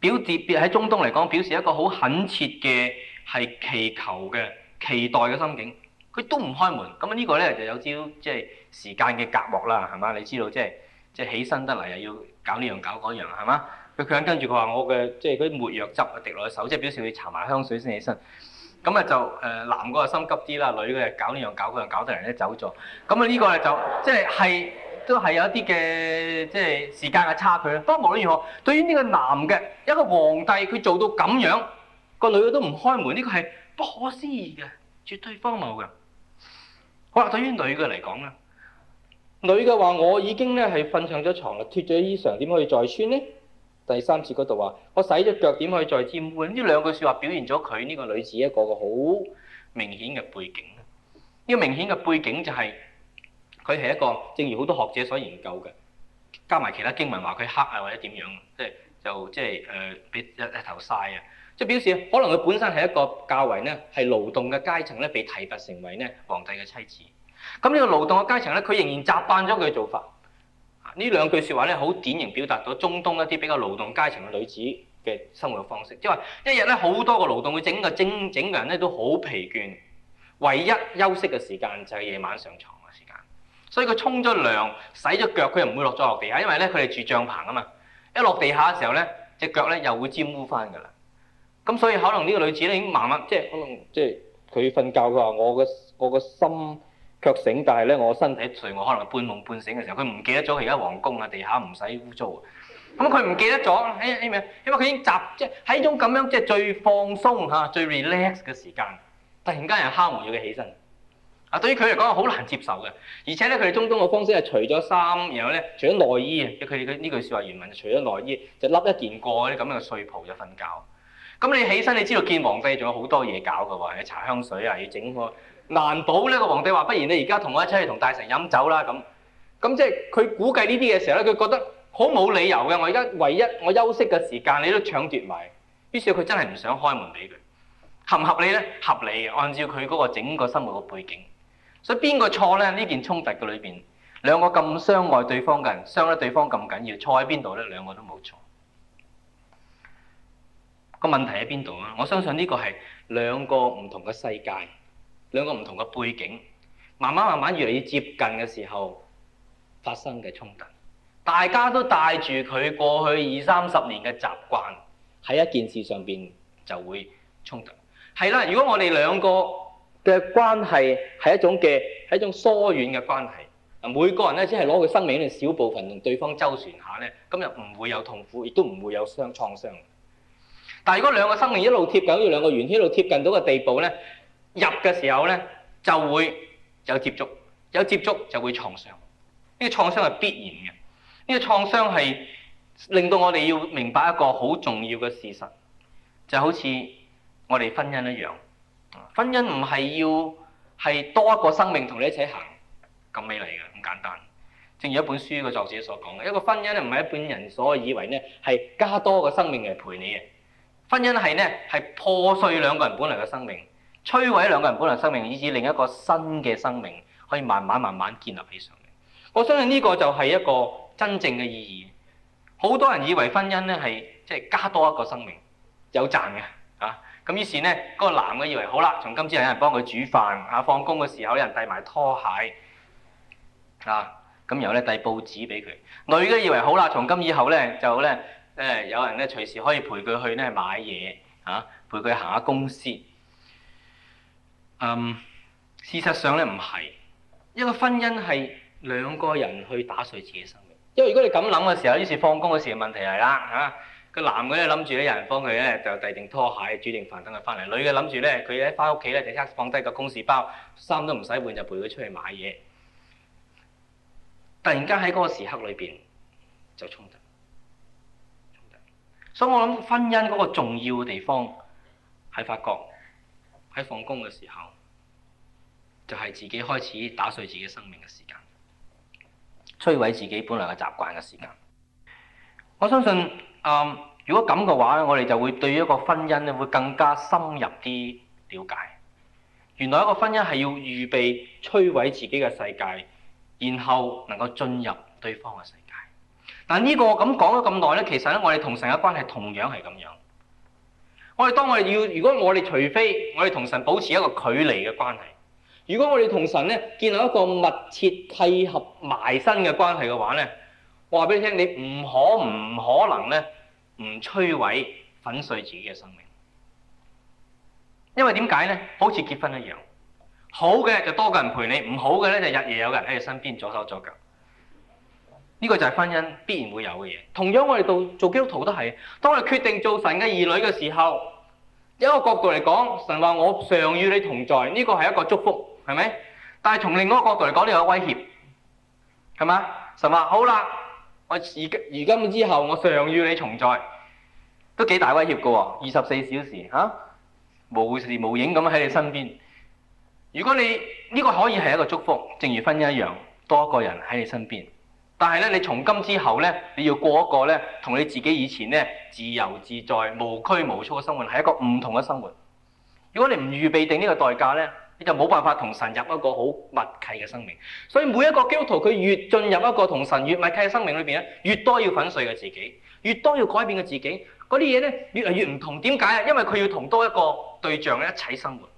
表示特別喺中東嚟講，表示一個好懇切嘅係祈求嘅期待嘅心境。佢都唔開門，咁呢個咧就有招即係。時間嘅隔膜啦，係嘛？你知道即係即係起身得嚟又要搞呢樣搞嗰樣，係嘛？佢肯跟住佢話：我嘅即係嗰啲抹藥汁啊，滴落去手，即係表示佢搽埋香水先起身。咁啊就誒、呃、男嘅心急啲啦，女嘅搞呢樣搞嗰樣，搞得人咧走咗。咁啊呢個咧就、就是、即係係都係有一啲嘅即係時間嘅差距啦。但無論如何，對於呢個男嘅一個皇帝，佢做到咁樣個女嘅都唔開門，呢、這個係不可思議嘅，絕對荒謬嘅。好啦，對於女嘅嚟講咧。女嘅話：我已經咧係瞓上咗床啦，脱咗衣裳，點可以再穿呢？第三節嗰度話：我洗咗腳，點可以再玷污呢？呢兩句説話表現咗佢呢個女子一個個好明顯嘅背景。呢個明顯嘅背景就係佢係一個，正如好多學者所研究嘅，加埋其他經文話佢黑啊或者點樣，即係就即係誒俾日日頭晒啊，即係表示可能佢本身係一個較為呢係勞動嘅階層咧，被提拔成為呢皇帝嘅妻子。咁呢個勞動嘅階層咧，佢仍然習慣咗佢嘅做法。呢兩句説話咧，好典型表達咗中東一啲比較勞動階層嘅女子嘅生活方式，即係話一日咧好多個勞動，佢整個整整個人咧都好疲倦，唯一休息嘅時間就係夜晚上床嘅時間。所以佢沖咗涼、洗咗腳，佢又唔會落咗落地下，因為咧佢哋住帳篷啊嘛。一落地下嘅時候咧，隻腳咧又會沾污翻㗎啦。咁所以可能呢個女子咧已經慢慢即係可能即係佢瞓覺嘅話，我個我個心，卻醒，但係咧，我身體隨我，可能半夢半醒嘅時候，佢唔記得咗佢而家皇宮啊，地下唔使污糟啊，咁佢唔記得咗，因為因為佢已經集即係喺種咁樣即係最放鬆嚇、最 relax 嘅時間，突然間人敲門要佢起身啊，對於佢嚟講係好難接受嘅，而且咧佢哋中東嘅方式係除咗衫，然後咧除咗內衣，佢佢呢句説話原文就除咗內衣，就笠一件過啲咁樣嘅睡袍就瞓覺。咁你起身，你知道見皇帝仲有好多嘢搞嘅喎，要搽香水啊，要整個。難保呢個皇帝話，不如你而家同我一齊去同大臣飲酒啦咁。咁即係佢估計呢啲嘅時候咧，佢覺得好冇理由嘅。我而家唯一我休息嘅時間，你都搶奪埋。於是佢真係唔想開門俾佢，合唔合理呢？合理，按照佢嗰個整個生活嘅背景。所以邊個錯呢？呢件衝突嘅裏邊，兩個咁相愛對方嘅人，傷得對方咁緊要，錯喺邊度呢？兩個都冇錯。個問題喺邊度啊？我相信呢個係兩個唔同嘅世界。兩個唔同嘅背景，慢慢慢慢越嚟越接近嘅時候，發生嘅衝突，大家都帶住佢過去二三十年嘅習慣，喺一件事上邊就會衝突。係啦，如果我哋兩個嘅關係係一種嘅，係一種疏遠嘅關係，每個人咧只係攞佢生命嘅小部分同對方周旋下呢，咁就唔會有痛苦，亦都唔會有傷，創傷。但係如果兩個生命一路貼緊，要兩個圓圈一路貼近到個地步呢。入嘅時候呢，就會有接觸，有接觸就會創傷。呢個創傷係必然嘅，呢個創傷係令到我哋要明白一個好重要嘅事實，就好似我哋婚姻一樣。婚姻唔係要係多一個生命同你一齊行咁美麗嘅，咁簡單。正如一本書嘅作者所講嘅，一個婚姻咧唔係一般人所以為呢係加多個生命嚟陪你嘅，婚姻係呢，係破碎兩個人本來嘅生命。摧毀一兩個人本來生命，以至另一個新嘅生命可以慢慢慢慢建立起上嚟。我相信呢個就係一個真正嘅意義。好多人以為婚姻咧係即係加多一個生命，有賺嘅啊。咁於是呢嗰、嗰個男嘅以為好啦，從今之後有人幫佢煮飯，啊放工嘅時候有人遞埋拖鞋，啊咁然後咧遞報紙俾佢。女嘅以為好啦，從今以後咧就咧誒、呃、有人咧隨時可以陪佢去咧買嘢，啊陪佢行下公司。嗯，um, 事實上咧，唔係一個婚姻，係兩個人去打碎自己生命。因為如果你咁諗嘅時候，於是放工嘅時候問題係啦，嚇，個、啊、男嘅咧諗住咧有人幫佢咧就遞定拖鞋煮定飯等佢翻嚟，女嘅諗住咧佢咧翻屋企咧就即刻放低個公事包，衫都唔使換就陪佢出去買嘢。突然間喺嗰個時刻裏邊就衝突、衝突，所以我諗婚姻嗰個重要嘅地方係發覺。喺放工嘅時候，就係、是、自己開始打碎自己生命嘅時間，摧毀自己本來嘅習慣嘅時間。我相信，嗯，如果咁嘅話咧，我哋就會對一個婚姻咧會更加深入啲了解。原來一個婚姻係要預備摧毀自己嘅世界，然後能夠進入對方嘅世界。但呢個咁講咗咁耐咧，其實咧，我哋同神嘅關係同樣係咁樣。我哋當我哋要，如果我哋除非我哋同神保持一個距離嘅關係，如果我哋同神咧建立一個密切契合埋身嘅關係嘅話咧，我話俾你聽，你唔可唔可能咧唔摧毀粉碎自己嘅生命，因為點解咧？好似結婚一樣，好嘅就多個人陪你，唔好嘅咧就日夜有個人喺你身邊左手左腳。呢個就係婚姻必然會有嘅嘢。同樣我哋做做基督徒都係。當我哋決定做神嘅兒女嘅時候，一個角度嚟講，神話我常與你同在，呢個係一個祝福，係咪？但係從另一個角度嚟講，你有威脅，係嘛？神話好啦，我而今而今之後，我常與你同在，都幾大威脅㗎喎。二十四小時嚇，無時無影咁喺你身邊。如果你呢個可以係一個祝福，正如婚姻一樣，多一個人喺你身邊。但係咧，你從今之後咧，你要過一個咧，同你自己以前咧自由自在、無拘無束嘅生活，係一個唔同嘅生活。如果你唔預備定呢個代價咧，你就冇辦法同神入一個好默契嘅生命。所以每一個基督徒，佢越進入一個同神越默契嘅生命裏邊咧，越多要粉碎嘅自己，越多要改變嘅自己，嗰啲嘢咧越嚟越唔同。點解啊？因為佢要同多一個對象一齊生活。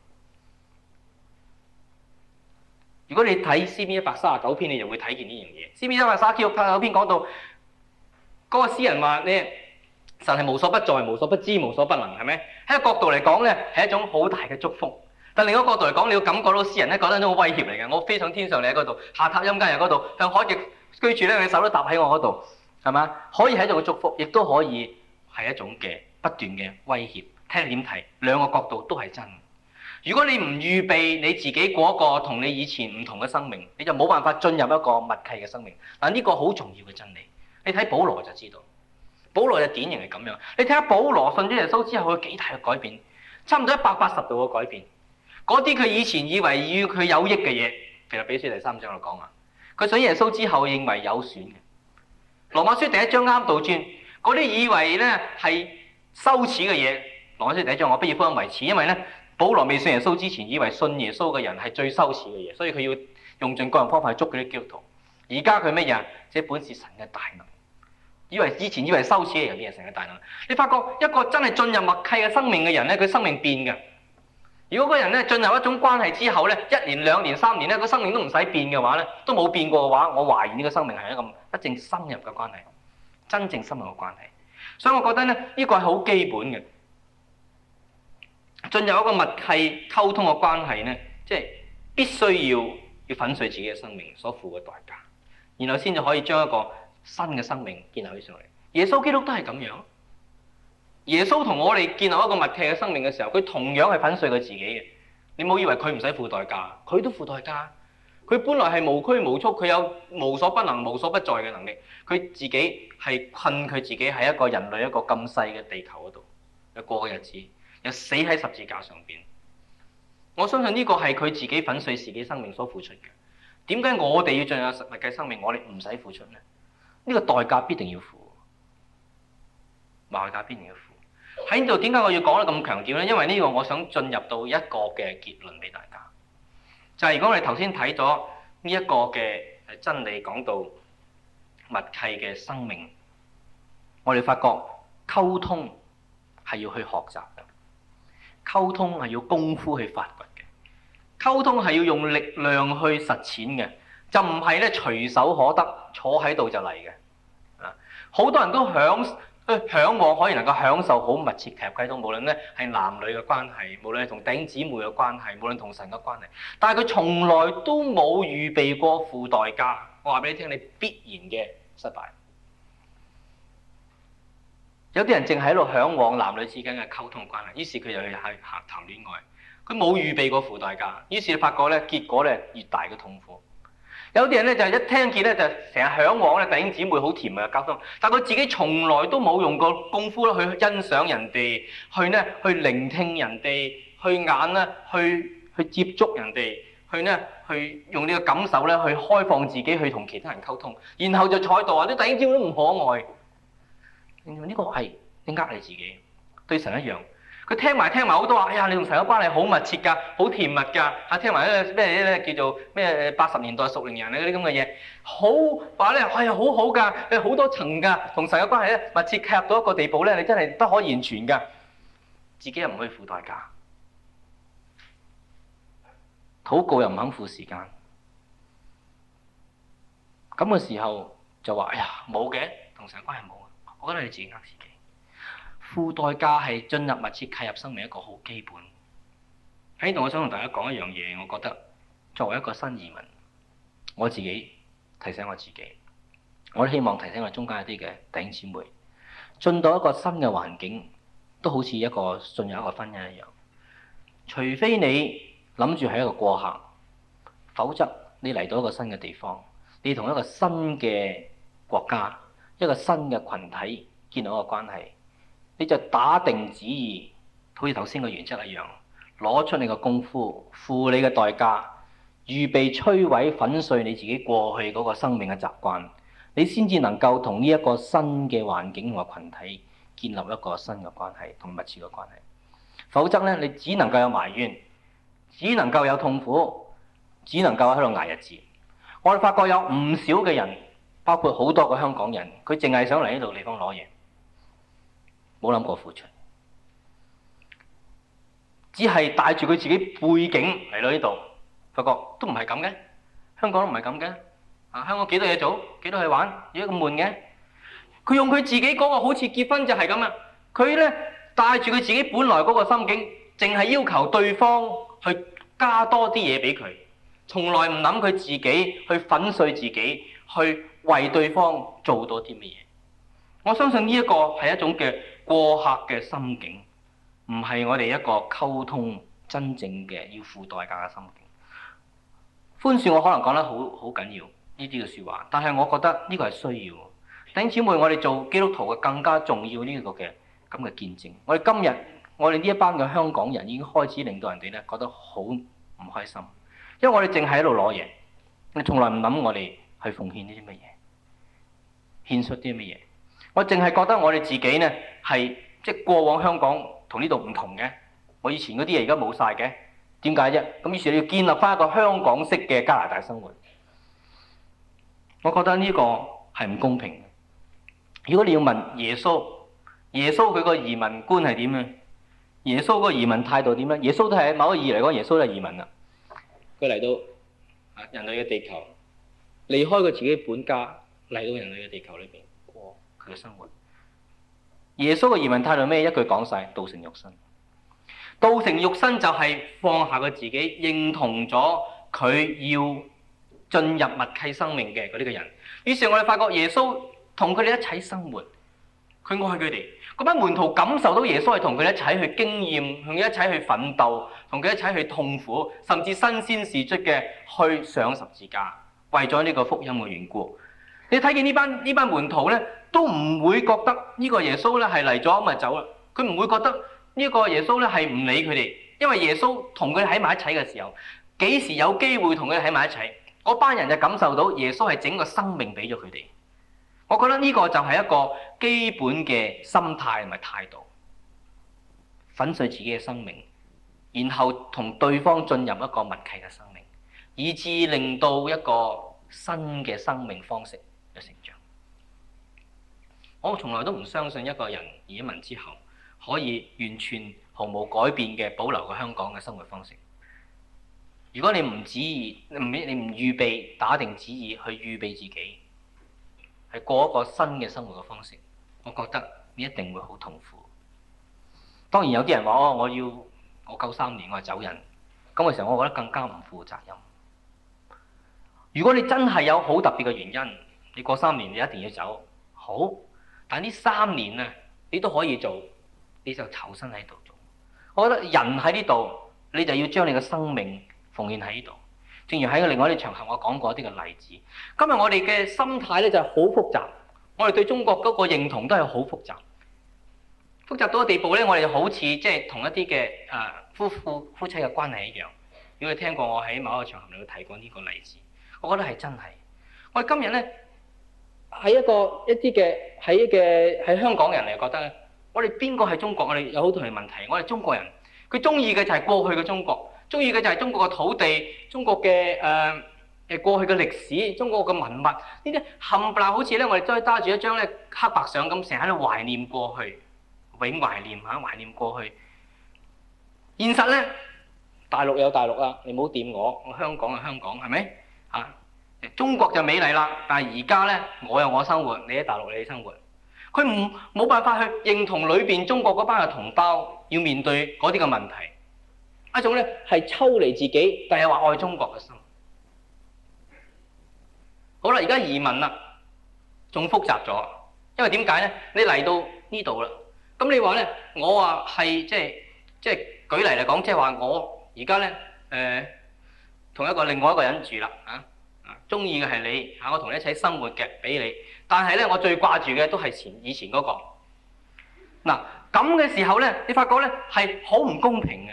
如果你睇《詩篇》一百三十九篇，你就會睇見呢樣嘢。《詩篇》一百三十九篇講到嗰個詩人話咧，神係無所不在、無所不知、無所不能，係咪？喺個角度嚟講呢，係一種好大嘅祝福。但另一個角度嚟講，你要感覺到詩人呢，覺得一種威脅嚟嘅。我飛上天上你喺嗰度，下塔陰間人嗰度，向海極居住咧你嘅手都搭喺我嗰度，係嘛？可以喺度嘅祝福，亦都可以係一種嘅不斷嘅威脅。睇你點睇，兩個角度都係真。如果你唔預備你自己嗰個同你以前唔同嘅生命，你就冇辦法進入一個默契嘅生命。嗱，呢個好重要嘅真理。你睇保羅就知道，保羅嘅典型係咁樣。你睇下保羅信咗耶穌之後，佢有幾大嘅改變，差唔多一百八十度嘅改變。嗰啲佢以前以為與佢有益嘅嘢，《腓立比書》第三章度講啊，佢信耶穌之後認為有損嘅。《羅馬書》第一章啱啱倒轉，嗰啲以為咧係羞恥嘅嘢，《羅馬書》第一章我不以福音為恥，因為咧。保羅未信耶穌之前，以為信耶穌嘅人係最羞恥嘅嘢，所以佢要用盡各樣方法去捉佢啲基督徒。而家佢乜嘢？這本是神嘅大能。以為以前以為羞恥嘅人變成神嘅大能。你發覺一個真係進入默契嘅生命嘅人咧，佢生命變嘅。如果個人咧進入一種關係之後咧，一年、兩年、三年咧，佢生命都唔使變嘅話咧，都冇變過嘅話，我懷疑呢個生命係一個咁真正深入嘅關係，真正深入嘅關係。所以我覺得咧，呢個係好基本嘅。進入一個默契溝通嘅關係呢，即係必須要要粉碎自己嘅生命所付嘅代價，然後先至可以將一個新嘅生命建立起上嚟。耶穌基督都係咁樣，耶穌同我哋建立一個默契嘅生命嘅時候，佢同樣係粉碎佢自己嘅。你唔好以為佢唔使付代價，佢都付代價。佢本來係無拘無束，佢有無所不能、無所不在嘅能力。佢自己係困佢自己喺一個人類一個咁細嘅地球嗰度，嚟過嘅日子。又死喺十字架上面，我相信呢個係佢自己粉碎自己生命所付出嘅。點解我哋要進入密契嘅生命，我哋唔使付出呢？呢、呢個代價必定要付，代價必定要付。喺呢度點解我要講得咁強調呢？因為呢個我想進入到一個嘅結論俾大家，就係、是、如果我哋頭先睇咗呢一個嘅真理，講到密契嘅生命，我哋發覺溝通係要去學習。溝通係要功夫去發掘嘅，溝通係要用力量去實踐嘅，就唔係咧隨手可得，坐喺度就嚟嘅。啊，好多人都享去嚮往、呃、可以能夠享受好密切嘅溝通，無論咧係男女嘅關係，無論係同頂姊妹嘅關係，無論同神嘅關係，但係佢從來都冇預備過付代價。我話俾你聽，你必然嘅失敗。有啲人淨喺度向往男女之間嘅溝通關係，於是佢就去行談戀愛，佢冇預備過付代價，於是發覺咧結果咧越大嘅痛苦。有啲人咧就係一聽見咧就成日向往咧弟兄姊妹好甜蜜嘅交通，但佢自己從來都冇用過功夫咯，去欣賞人哋，去咧去聆聽人哋，去眼咧去去接觸人哋，去咧去用呢個感受咧去開放自己去同其他人溝通，然後就彩度話啲弟兄姊妹都唔可愛。呢個係你呃你自己，對神一樣。佢聽埋聽埋好多話，哎呀，你同神嘅關係好密切㗎，好甜蜜㗎。嚇、啊，聽埋啲咩叫做咩八十年代熟靈人嗰啲咁嘅嘢，好話咧，哎呀，好好㗎，誒好多層㗎，同神嘅關係咧密切，切，踏入到一個地步咧，你真係不可言傳㗎。自己又唔可以付代價，禱告又唔肯付時間。咁嘅時候就話：哎呀，冇嘅，同神嘅關係冇。我覺得你自己呃自己。付代價係進入密切契入生命一個好基本。喺度我想同大家講一樣嘢，我覺得作為一個新移民，我自己提醒我自己，我都希望提醒我中間一啲嘅弟兄姊妹，進到一個新嘅環境，都好似一個進入一個婚姻一樣。除非你諗住係一個過客，否則你嚟到一個新嘅地方，你同一個新嘅國家。一個新嘅群體建立一個關係，你就打定主意，好似頭先個原則一樣，攞出你嘅功夫，付你嘅代價，預備摧毀粉碎你自己過去嗰個生命嘅習慣，你先至能夠同呢一個新嘅環境同埋羣體建立一個新嘅關係同密切嘅關係。否則呢，你只能夠有埋怨，只能夠有痛苦，只能夠喺度捱日子。我哋發覺有唔少嘅人。包括好多個香港人，佢淨係想嚟呢度地方攞嘢，冇諗過付出，只係帶住佢自己背景嚟到呢度，發覺都唔係咁嘅，香港都唔係咁嘅。啊，香港幾多嘢做，幾多去玩，點解咁悶嘅？佢用佢自己嗰個好似結婚就係咁啊！佢咧帶住佢自己本來嗰個心境，淨係要求對方去加多啲嘢俾佢，從來唔諗佢自己去粉碎自己去。為對方做多啲乜嘢？我相信呢一個係一種嘅過客嘅心境，唔係我哋一個溝通真正嘅要付代價嘅心境。寬恕我可能講得好好緊要呢啲嘅説話，但係我覺得呢個係需要。弟兄姊妹，我哋做基督徒嘅更加重要呢一個嘅咁嘅見證。我哋今日我哋呢一班嘅香港人已經開始令到人哋咧覺得好唔開心，因為我哋淨係喺度攞嘢，你從來唔諗我哋去奉獻呢啲乜嘢。獻出啲乜嘢？我淨係覺得我哋自己呢，係即係過往香港同呢度唔同嘅。我以前嗰啲嘢而家冇晒嘅，點解啫？咁於是你要建立翻一個香港式嘅加拿大生活。我覺得呢個係唔公平嘅。如果你要問耶穌，耶穌佢個移民觀係點啊？耶穌個移民態度點咧？耶穌都喺某個意義嚟講，耶穌都係移民啦。佢嚟到人類嘅地球，離開佢自己本家。嚟到人類嘅地球裏邊過佢嘅生活。耶穌嘅移民態度咩？一句講晒：「道成肉身。道成肉身就係放下佢自己，認同咗佢要進入默契生命嘅嗰啲嘅人。於是，我哋發覺耶穌同佢哋一齊生活，佢愛佢哋。嗰班門徒感受到耶穌係同佢一齊去經驗，同佢一齊去奮鬥，同佢一齊去痛苦，甚至身先士卒嘅去上十字架，為咗呢個福音嘅緣故。你睇見呢班呢班門徒咧，都唔會覺得呢個耶穌咧係嚟咗咪走啦。佢唔會覺得呢個耶穌咧係唔理佢哋，因為耶穌同佢喺埋一齊嘅時候，幾時有機會同佢喺埋一齊，嗰班人就感受到耶穌係整個生命俾咗佢哋。我覺得呢個就係一個基本嘅心態同埋態度，粉碎自己嘅生命，然後同對方進入一個默契嘅生命，以至令到一個新嘅生命方式成長，我從來都唔相信一個人移民之後可以完全毫無改變嘅保留個香港嘅生活方式。如果你唔指意，你唔預備打定主意去預備自己，係過一個新嘅生活嘅方式，我覺得你一定會好痛苦。當然有啲人話：我要我夠三年，我係走人。咁嘅時候，我覺得更加唔負責任。如果你真係有好特別嘅原因，你過三年你一定要走，好，但呢三年啊，你都可以做，你就投身喺度做。我覺得人喺呢度，你就要將你嘅生命奉獻喺呢度。正如喺另外一啲場合，我講過一啲嘅例子。今日我哋嘅心態咧就係、是、好複雜，我哋對中國嗰個認同都係好複雜，複雜到嘅地步咧，我哋好似即係同一啲嘅誒夫婦夫妻嘅關係一樣。如果你聽過我喺某一個場合裏面提過呢個例子，我覺得係真係。我哋今日咧。喺一個一啲嘅喺嘅喺香港人嚟覺得咧，我哋邊個係中國？我哋有好多嘅問題。我哋中國人，佢中意嘅就係過去嘅中國，中意嘅就係中國嘅土地、中國嘅誒誒過去嘅歷史、中國嘅文物呢啲冚唪唥好似咧，我哋都係揸住一張咧黑白相咁，成日喺度懷念過去，永懷念嚇，懷念過去。現實咧，大陸有大陸啊，你唔好掂我，我香港係香港，係咪啊？中國就美麗啦，但係而家呢，我有我生活，你喺大陸你生活，佢唔冇辦法去認同裏邊中國嗰班嘅同胞要面對嗰啲嘅問題，一種呢，係抽離自己，但係話愛中國嘅生活。好啦，而家移民啦，仲複雜咗，因為點解呢？你嚟到呢度啦，咁你話呢？我話係即係即係舉例嚟講，即係話我而家呢，誒、呃、同一個另外一個人住啦啊！中意嘅係你嚇，我同你一齊生活嘅，俾你。但係咧，我最掛住嘅都係前以前嗰個。嗱咁嘅時候咧，你發覺咧係好唔公平嘅，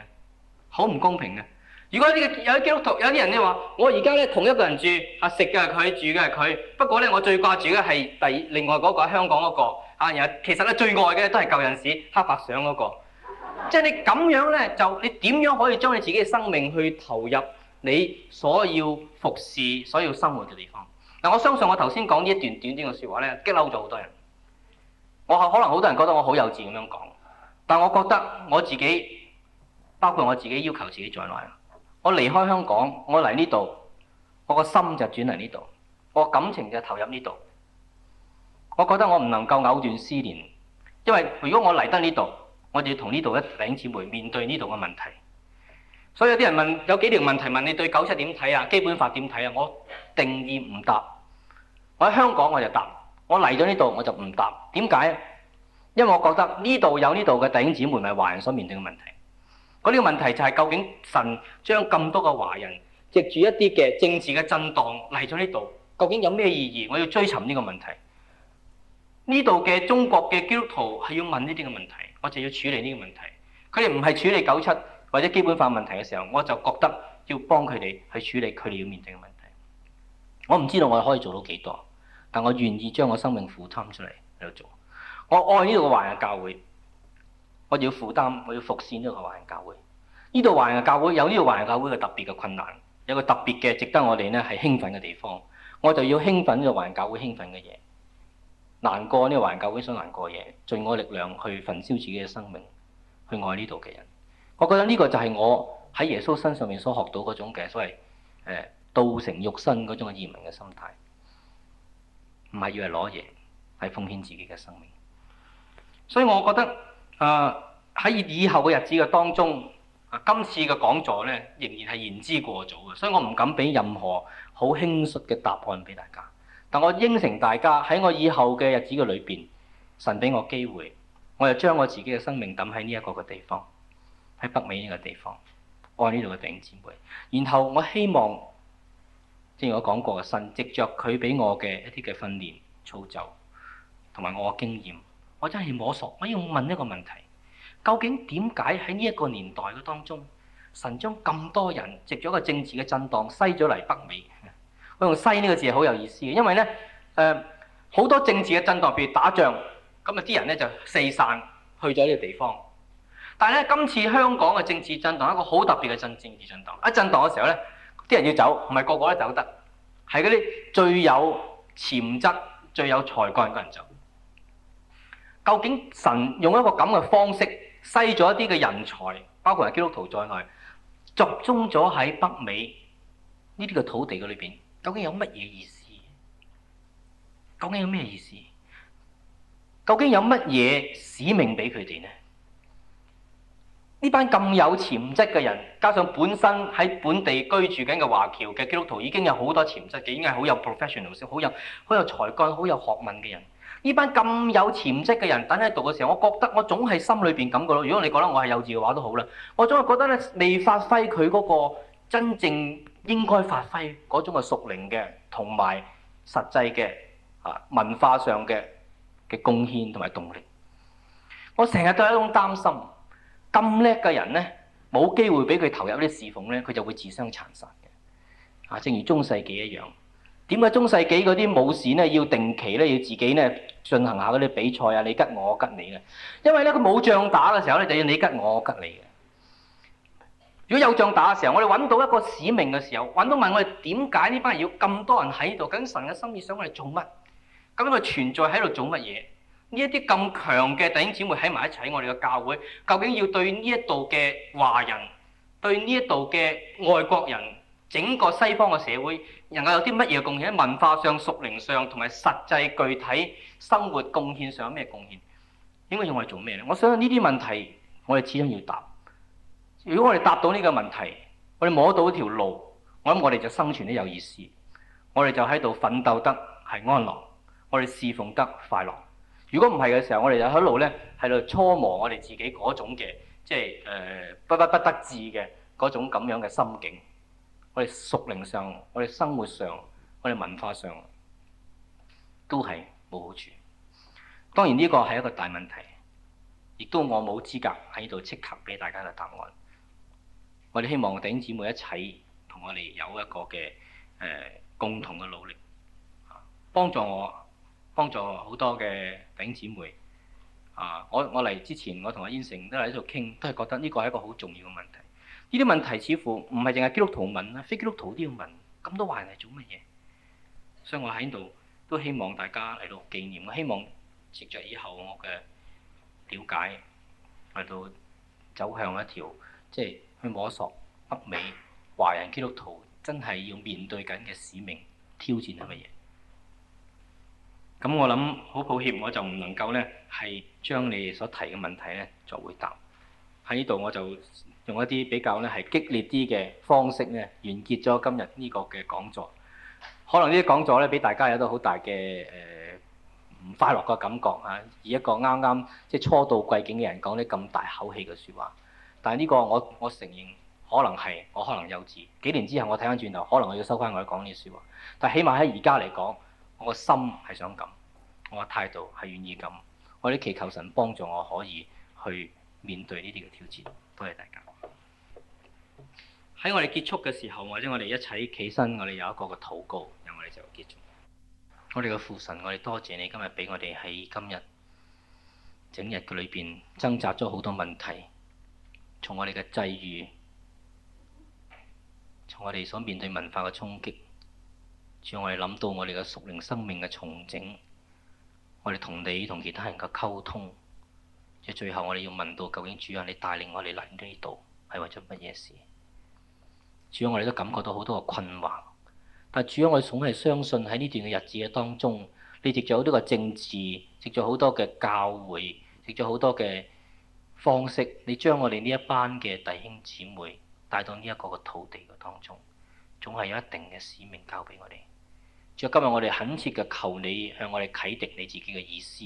好唔公平嘅。如果啲有基督徒，有啲人咧話：我而家咧同一個人住，啊食嘅係佢，住嘅係佢。不過咧，我最掛住嘅係第另外嗰個香港嗰個啊。然後其實咧最愛嘅都係舊陣時黑白相嗰個。即係你咁樣咧，就你點樣可以將你自己嘅生命去投入？你所要服侍、所要生活嘅地方。嗱，我相信我頭先講呢一段短短嘅說話，咧，激嬲咗好多人。我可能好多人覺得我好幼稚咁樣講，但我覺得我自己，包括我自己要求自己在內，我離開香港，我嚟呢度，我個心就轉嚟呢度，我感情就投入呢度。我覺得我唔能夠藕斷絲連，因為如果我嚟得呢度，我哋要同呢度一領姊妹面對呢度嘅問題。所以有啲人問，有幾條問題問你對九七點睇啊？基本法點睇啊？我定義唔答。我喺香港我就答，我嚟咗呢度我就唔答。點解？因為我覺得呢度有呢度嘅弟兄姊妹，係華人所面對嘅問題。嗰啲問題就係究竟神將咁多個華人藉住一啲嘅政治嘅震盪嚟咗呢度，究竟有咩意義？我要追尋呢個問題。呢度嘅中國嘅基督徒係要問呢啲嘅問題，我就要處理呢個問題。佢哋唔係處理九七。或者基本法問題嘅時候，我就覺得要幫佢哋去處理佢哋要面對嘅問題。我唔知道我可以做到幾多，但我願意將我生命負擔出嚟喺度做。我愛呢度嘅華人教會，我要負擔，我要服侍呢個華人教會。呢度華、華人教會有呢個華人教會嘅特別嘅困難，有個特別嘅值得我哋咧係興奮嘅地方。我就要興奮呢個華人教會興奮嘅嘢。難過呢個華人教會所難過嘅嘢，盡我力量去焚燒自己嘅生命，去愛呢度嘅人。我覺得呢個就係我喺耶穌身上面所學到嗰種嘅所謂誒道成肉身嗰種嘅移民嘅心態，唔係要嚟攞嘢，係奉獻自己嘅生命。所以，我覺得啊喺以後嘅日子嘅當中啊，今次嘅講座咧仍然係言之過早嘅，所以我唔敢俾任何好輕率嘅答案俾大家。但我應承大家喺我以後嘅日子嘅裏邊，神俾我機會，我就將我自己嘅生命抌喺呢一個嘅地方。喺北美呢個地方，我係呢度嘅弟兄姊妹，然後我希望，正如我講過嘅，神藉着佢俾我嘅一啲嘅訓練、操就同埋我嘅經驗，我真係摸索，我要問一個問題：究竟點解喺呢一個年代嘅當中，神將咁多人藉咗一個政治嘅震盪，篩咗嚟北美？我用篩呢個字係好有意思嘅，因為咧誒，好、呃、多政治嘅震盪，譬如打仗，咁啊啲人咧就四散去咗呢個地方。但係咧，今次香港嘅政治震盪係一個好特別嘅政政治震盪。一震盪嘅時候咧，啲人要走，唔係個個都走得，係嗰啲最有潛質、最有才幹嘅人走。究竟神用一個咁嘅方式篩咗一啲嘅人才，包括係基督徒在內，集中咗喺北美呢啲嘅土地嘅裏邊，究竟有乜嘢意思？究竟有咩意思？究竟有乜嘢使命俾佢哋呢？呢班咁有潛質嘅人，加上本身喺本地居住緊嘅華僑嘅基督徒已，已經有好多潛質嘅，已經係好有 professional，好有好有才幹，好有學問嘅人。呢班咁有潛質嘅人，等喺度嘅時候，我覺得我總係心裏邊感覺到，如果你覺得我係幼稚嘅話都好啦，我總係覺得咧，未發揮佢嗰個真正應該發揮嗰種嘅屬靈嘅同埋實際嘅啊文化上嘅嘅貢獻同埋動力，我成日都係一種擔心。咁叻嘅人咧，冇機會俾佢投入啲侍奉咧，佢就會自相殘殺嘅。啊，正如中世紀一樣，點解中世紀嗰啲武士咧要定期咧要自己咧進行下嗰啲比賽啊？你吉我吉你啊！因為咧佢冇仗打嘅時候咧就要你吉我吉你嘅。如果有仗打嘅時候，我哋揾到一個使命嘅時候，揾到問我哋點解呢班人要咁多人喺度？咁神嘅心意想我哋做乜？咁佢存在喺度做乜嘢？呢一啲咁強嘅弟兄姊妹喺埋一齊，我哋嘅教會究竟要對呢一度嘅華人、對呢一度嘅外國人、整個西方嘅社會，能夠有啲乜嘢貢獻？喺文化上、屬靈上同埋實際具體生活貢獻上，有咩貢獻？應該要我哋做咩咧？我想呢啲問題，我哋始終要答。如果我哋答到呢個問題，我哋摸到條路，我諗我哋就生存得有意思，我哋就喺度奮鬥得係安樂，我哋侍奉得快樂。如果唔係嘅時候，我哋就一路咧，喺度搓磨我哋自己嗰種嘅，即係誒不不不得志嘅嗰種咁樣嘅心境。我哋屬靈上，我哋生活上，我哋文化上，都係冇好處。當然呢個係一個大問題，亦都我冇資格喺度即刻俾大家嘅答案。我哋希望弟兄姊妹一齊同我哋有一個嘅誒、呃、共同嘅努力，幫助我。幫助好多嘅弟兄姊妹啊！我我嚟之前，我同阿燕成都喺度傾，都係覺得呢個係一個好重要嘅問題。呢啲問題似乎唔係淨係基督徒問啦，非基督徒都要問。咁多華人係做乜嘢？所以我喺度都希望大家嚟到紀念，我希望藉着以後我嘅了解嚟到走向一條，即係去摸索北美華人基督徒真係要面對緊嘅使命挑戰係乜嘢。咁、嗯、我諗好抱歉，我就唔能夠呢係將你所提嘅問題呢作回答。喺呢度我就用一啲比較呢係激烈啲嘅方式呢，完結咗今日呢個嘅講座。可能呢啲講座呢，俾大家有一個好大嘅誒唔快樂嘅感覺嚇、啊。以一個啱啱即係初到貴境嘅人講啲咁大口氣嘅説話，但係呢個我我承認可能係我可能幼稚。幾年之後我睇翻轉頭，可能我要收翻我講呢啲説話。但起碼喺而家嚟講。我個心係想咁，我個態度係願意咁，我哋祈求神幫助我可以去面對呢啲嘅挑戰。多謝大家。喺我哋結束嘅時候，或者我哋一齊企身，我哋有一個嘅禱告，然後我哋就會結束。我哋嘅父神，我哋多謝你今日俾我哋喺今日整日嘅裏邊掙扎咗好多問題，從我哋嘅際遇，從我哋所面對文化嘅衝擊。主要我哋諗到我哋嘅屬靈生命嘅重整，我哋同你同其他人嘅溝通，即最後我哋要問到究竟主啊，你帶領我哋嚟呢度係為咗乜嘢事？主要我哋都感覺到好多嘅困惑，但主要我哋總係相信喺呢段嘅日子嘅當中，你藉咗好多嘅政治，藉咗好多嘅教會，藉咗好多嘅方式，你將我哋呢一班嘅弟兄姊妹帶到呢一個嘅土地嘅當中，總係有一定嘅使命交俾我哋。仲有今日，我哋懇切嘅求你向我哋啟迪你自己嘅意思，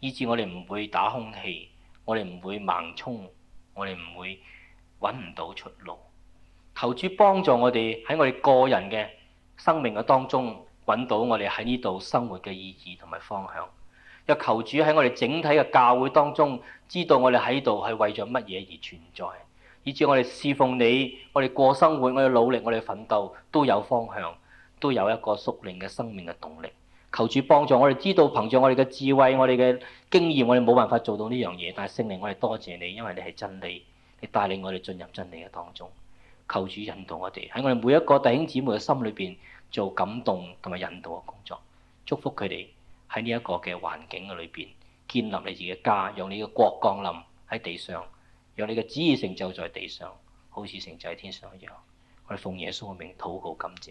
以至我哋唔會打空氣，我哋唔會盲衝，我哋唔會揾唔到出路。求主幫助我哋喺我哋個人嘅生命嘅當中揾到我哋喺呢度生活嘅意義同埋方向。又求主喺我哋整體嘅教會當中知道我哋喺度係為咗乜嘢而存在，以至我哋侍奉你，我哋過生活，我哋努力，我哋奮鬥都有方向。都有一個屬靈嘅生命嘅動力，求主幫助我哋，知道憑著我哋嘅智慧、我哋嘅經驗，我哋冇辦法做到呢樣嘢。但係聖靈，我哋多謝你，因為你係真理，你帶領我哋進入真理嘅當中。求主引導我哋喺我哋每一個弟兄姊妹嘅心裏邊做感動同埋引導嘅工作，祝福佢哋喺呢一個嘅環境嘅裏邊建立你自己嘅家，讓你嘅國降臨喺地上，讓你嘅旨意成就在地上，好似成就喺天上一樣。我哋奉耶穌嘅名，禱告感謝。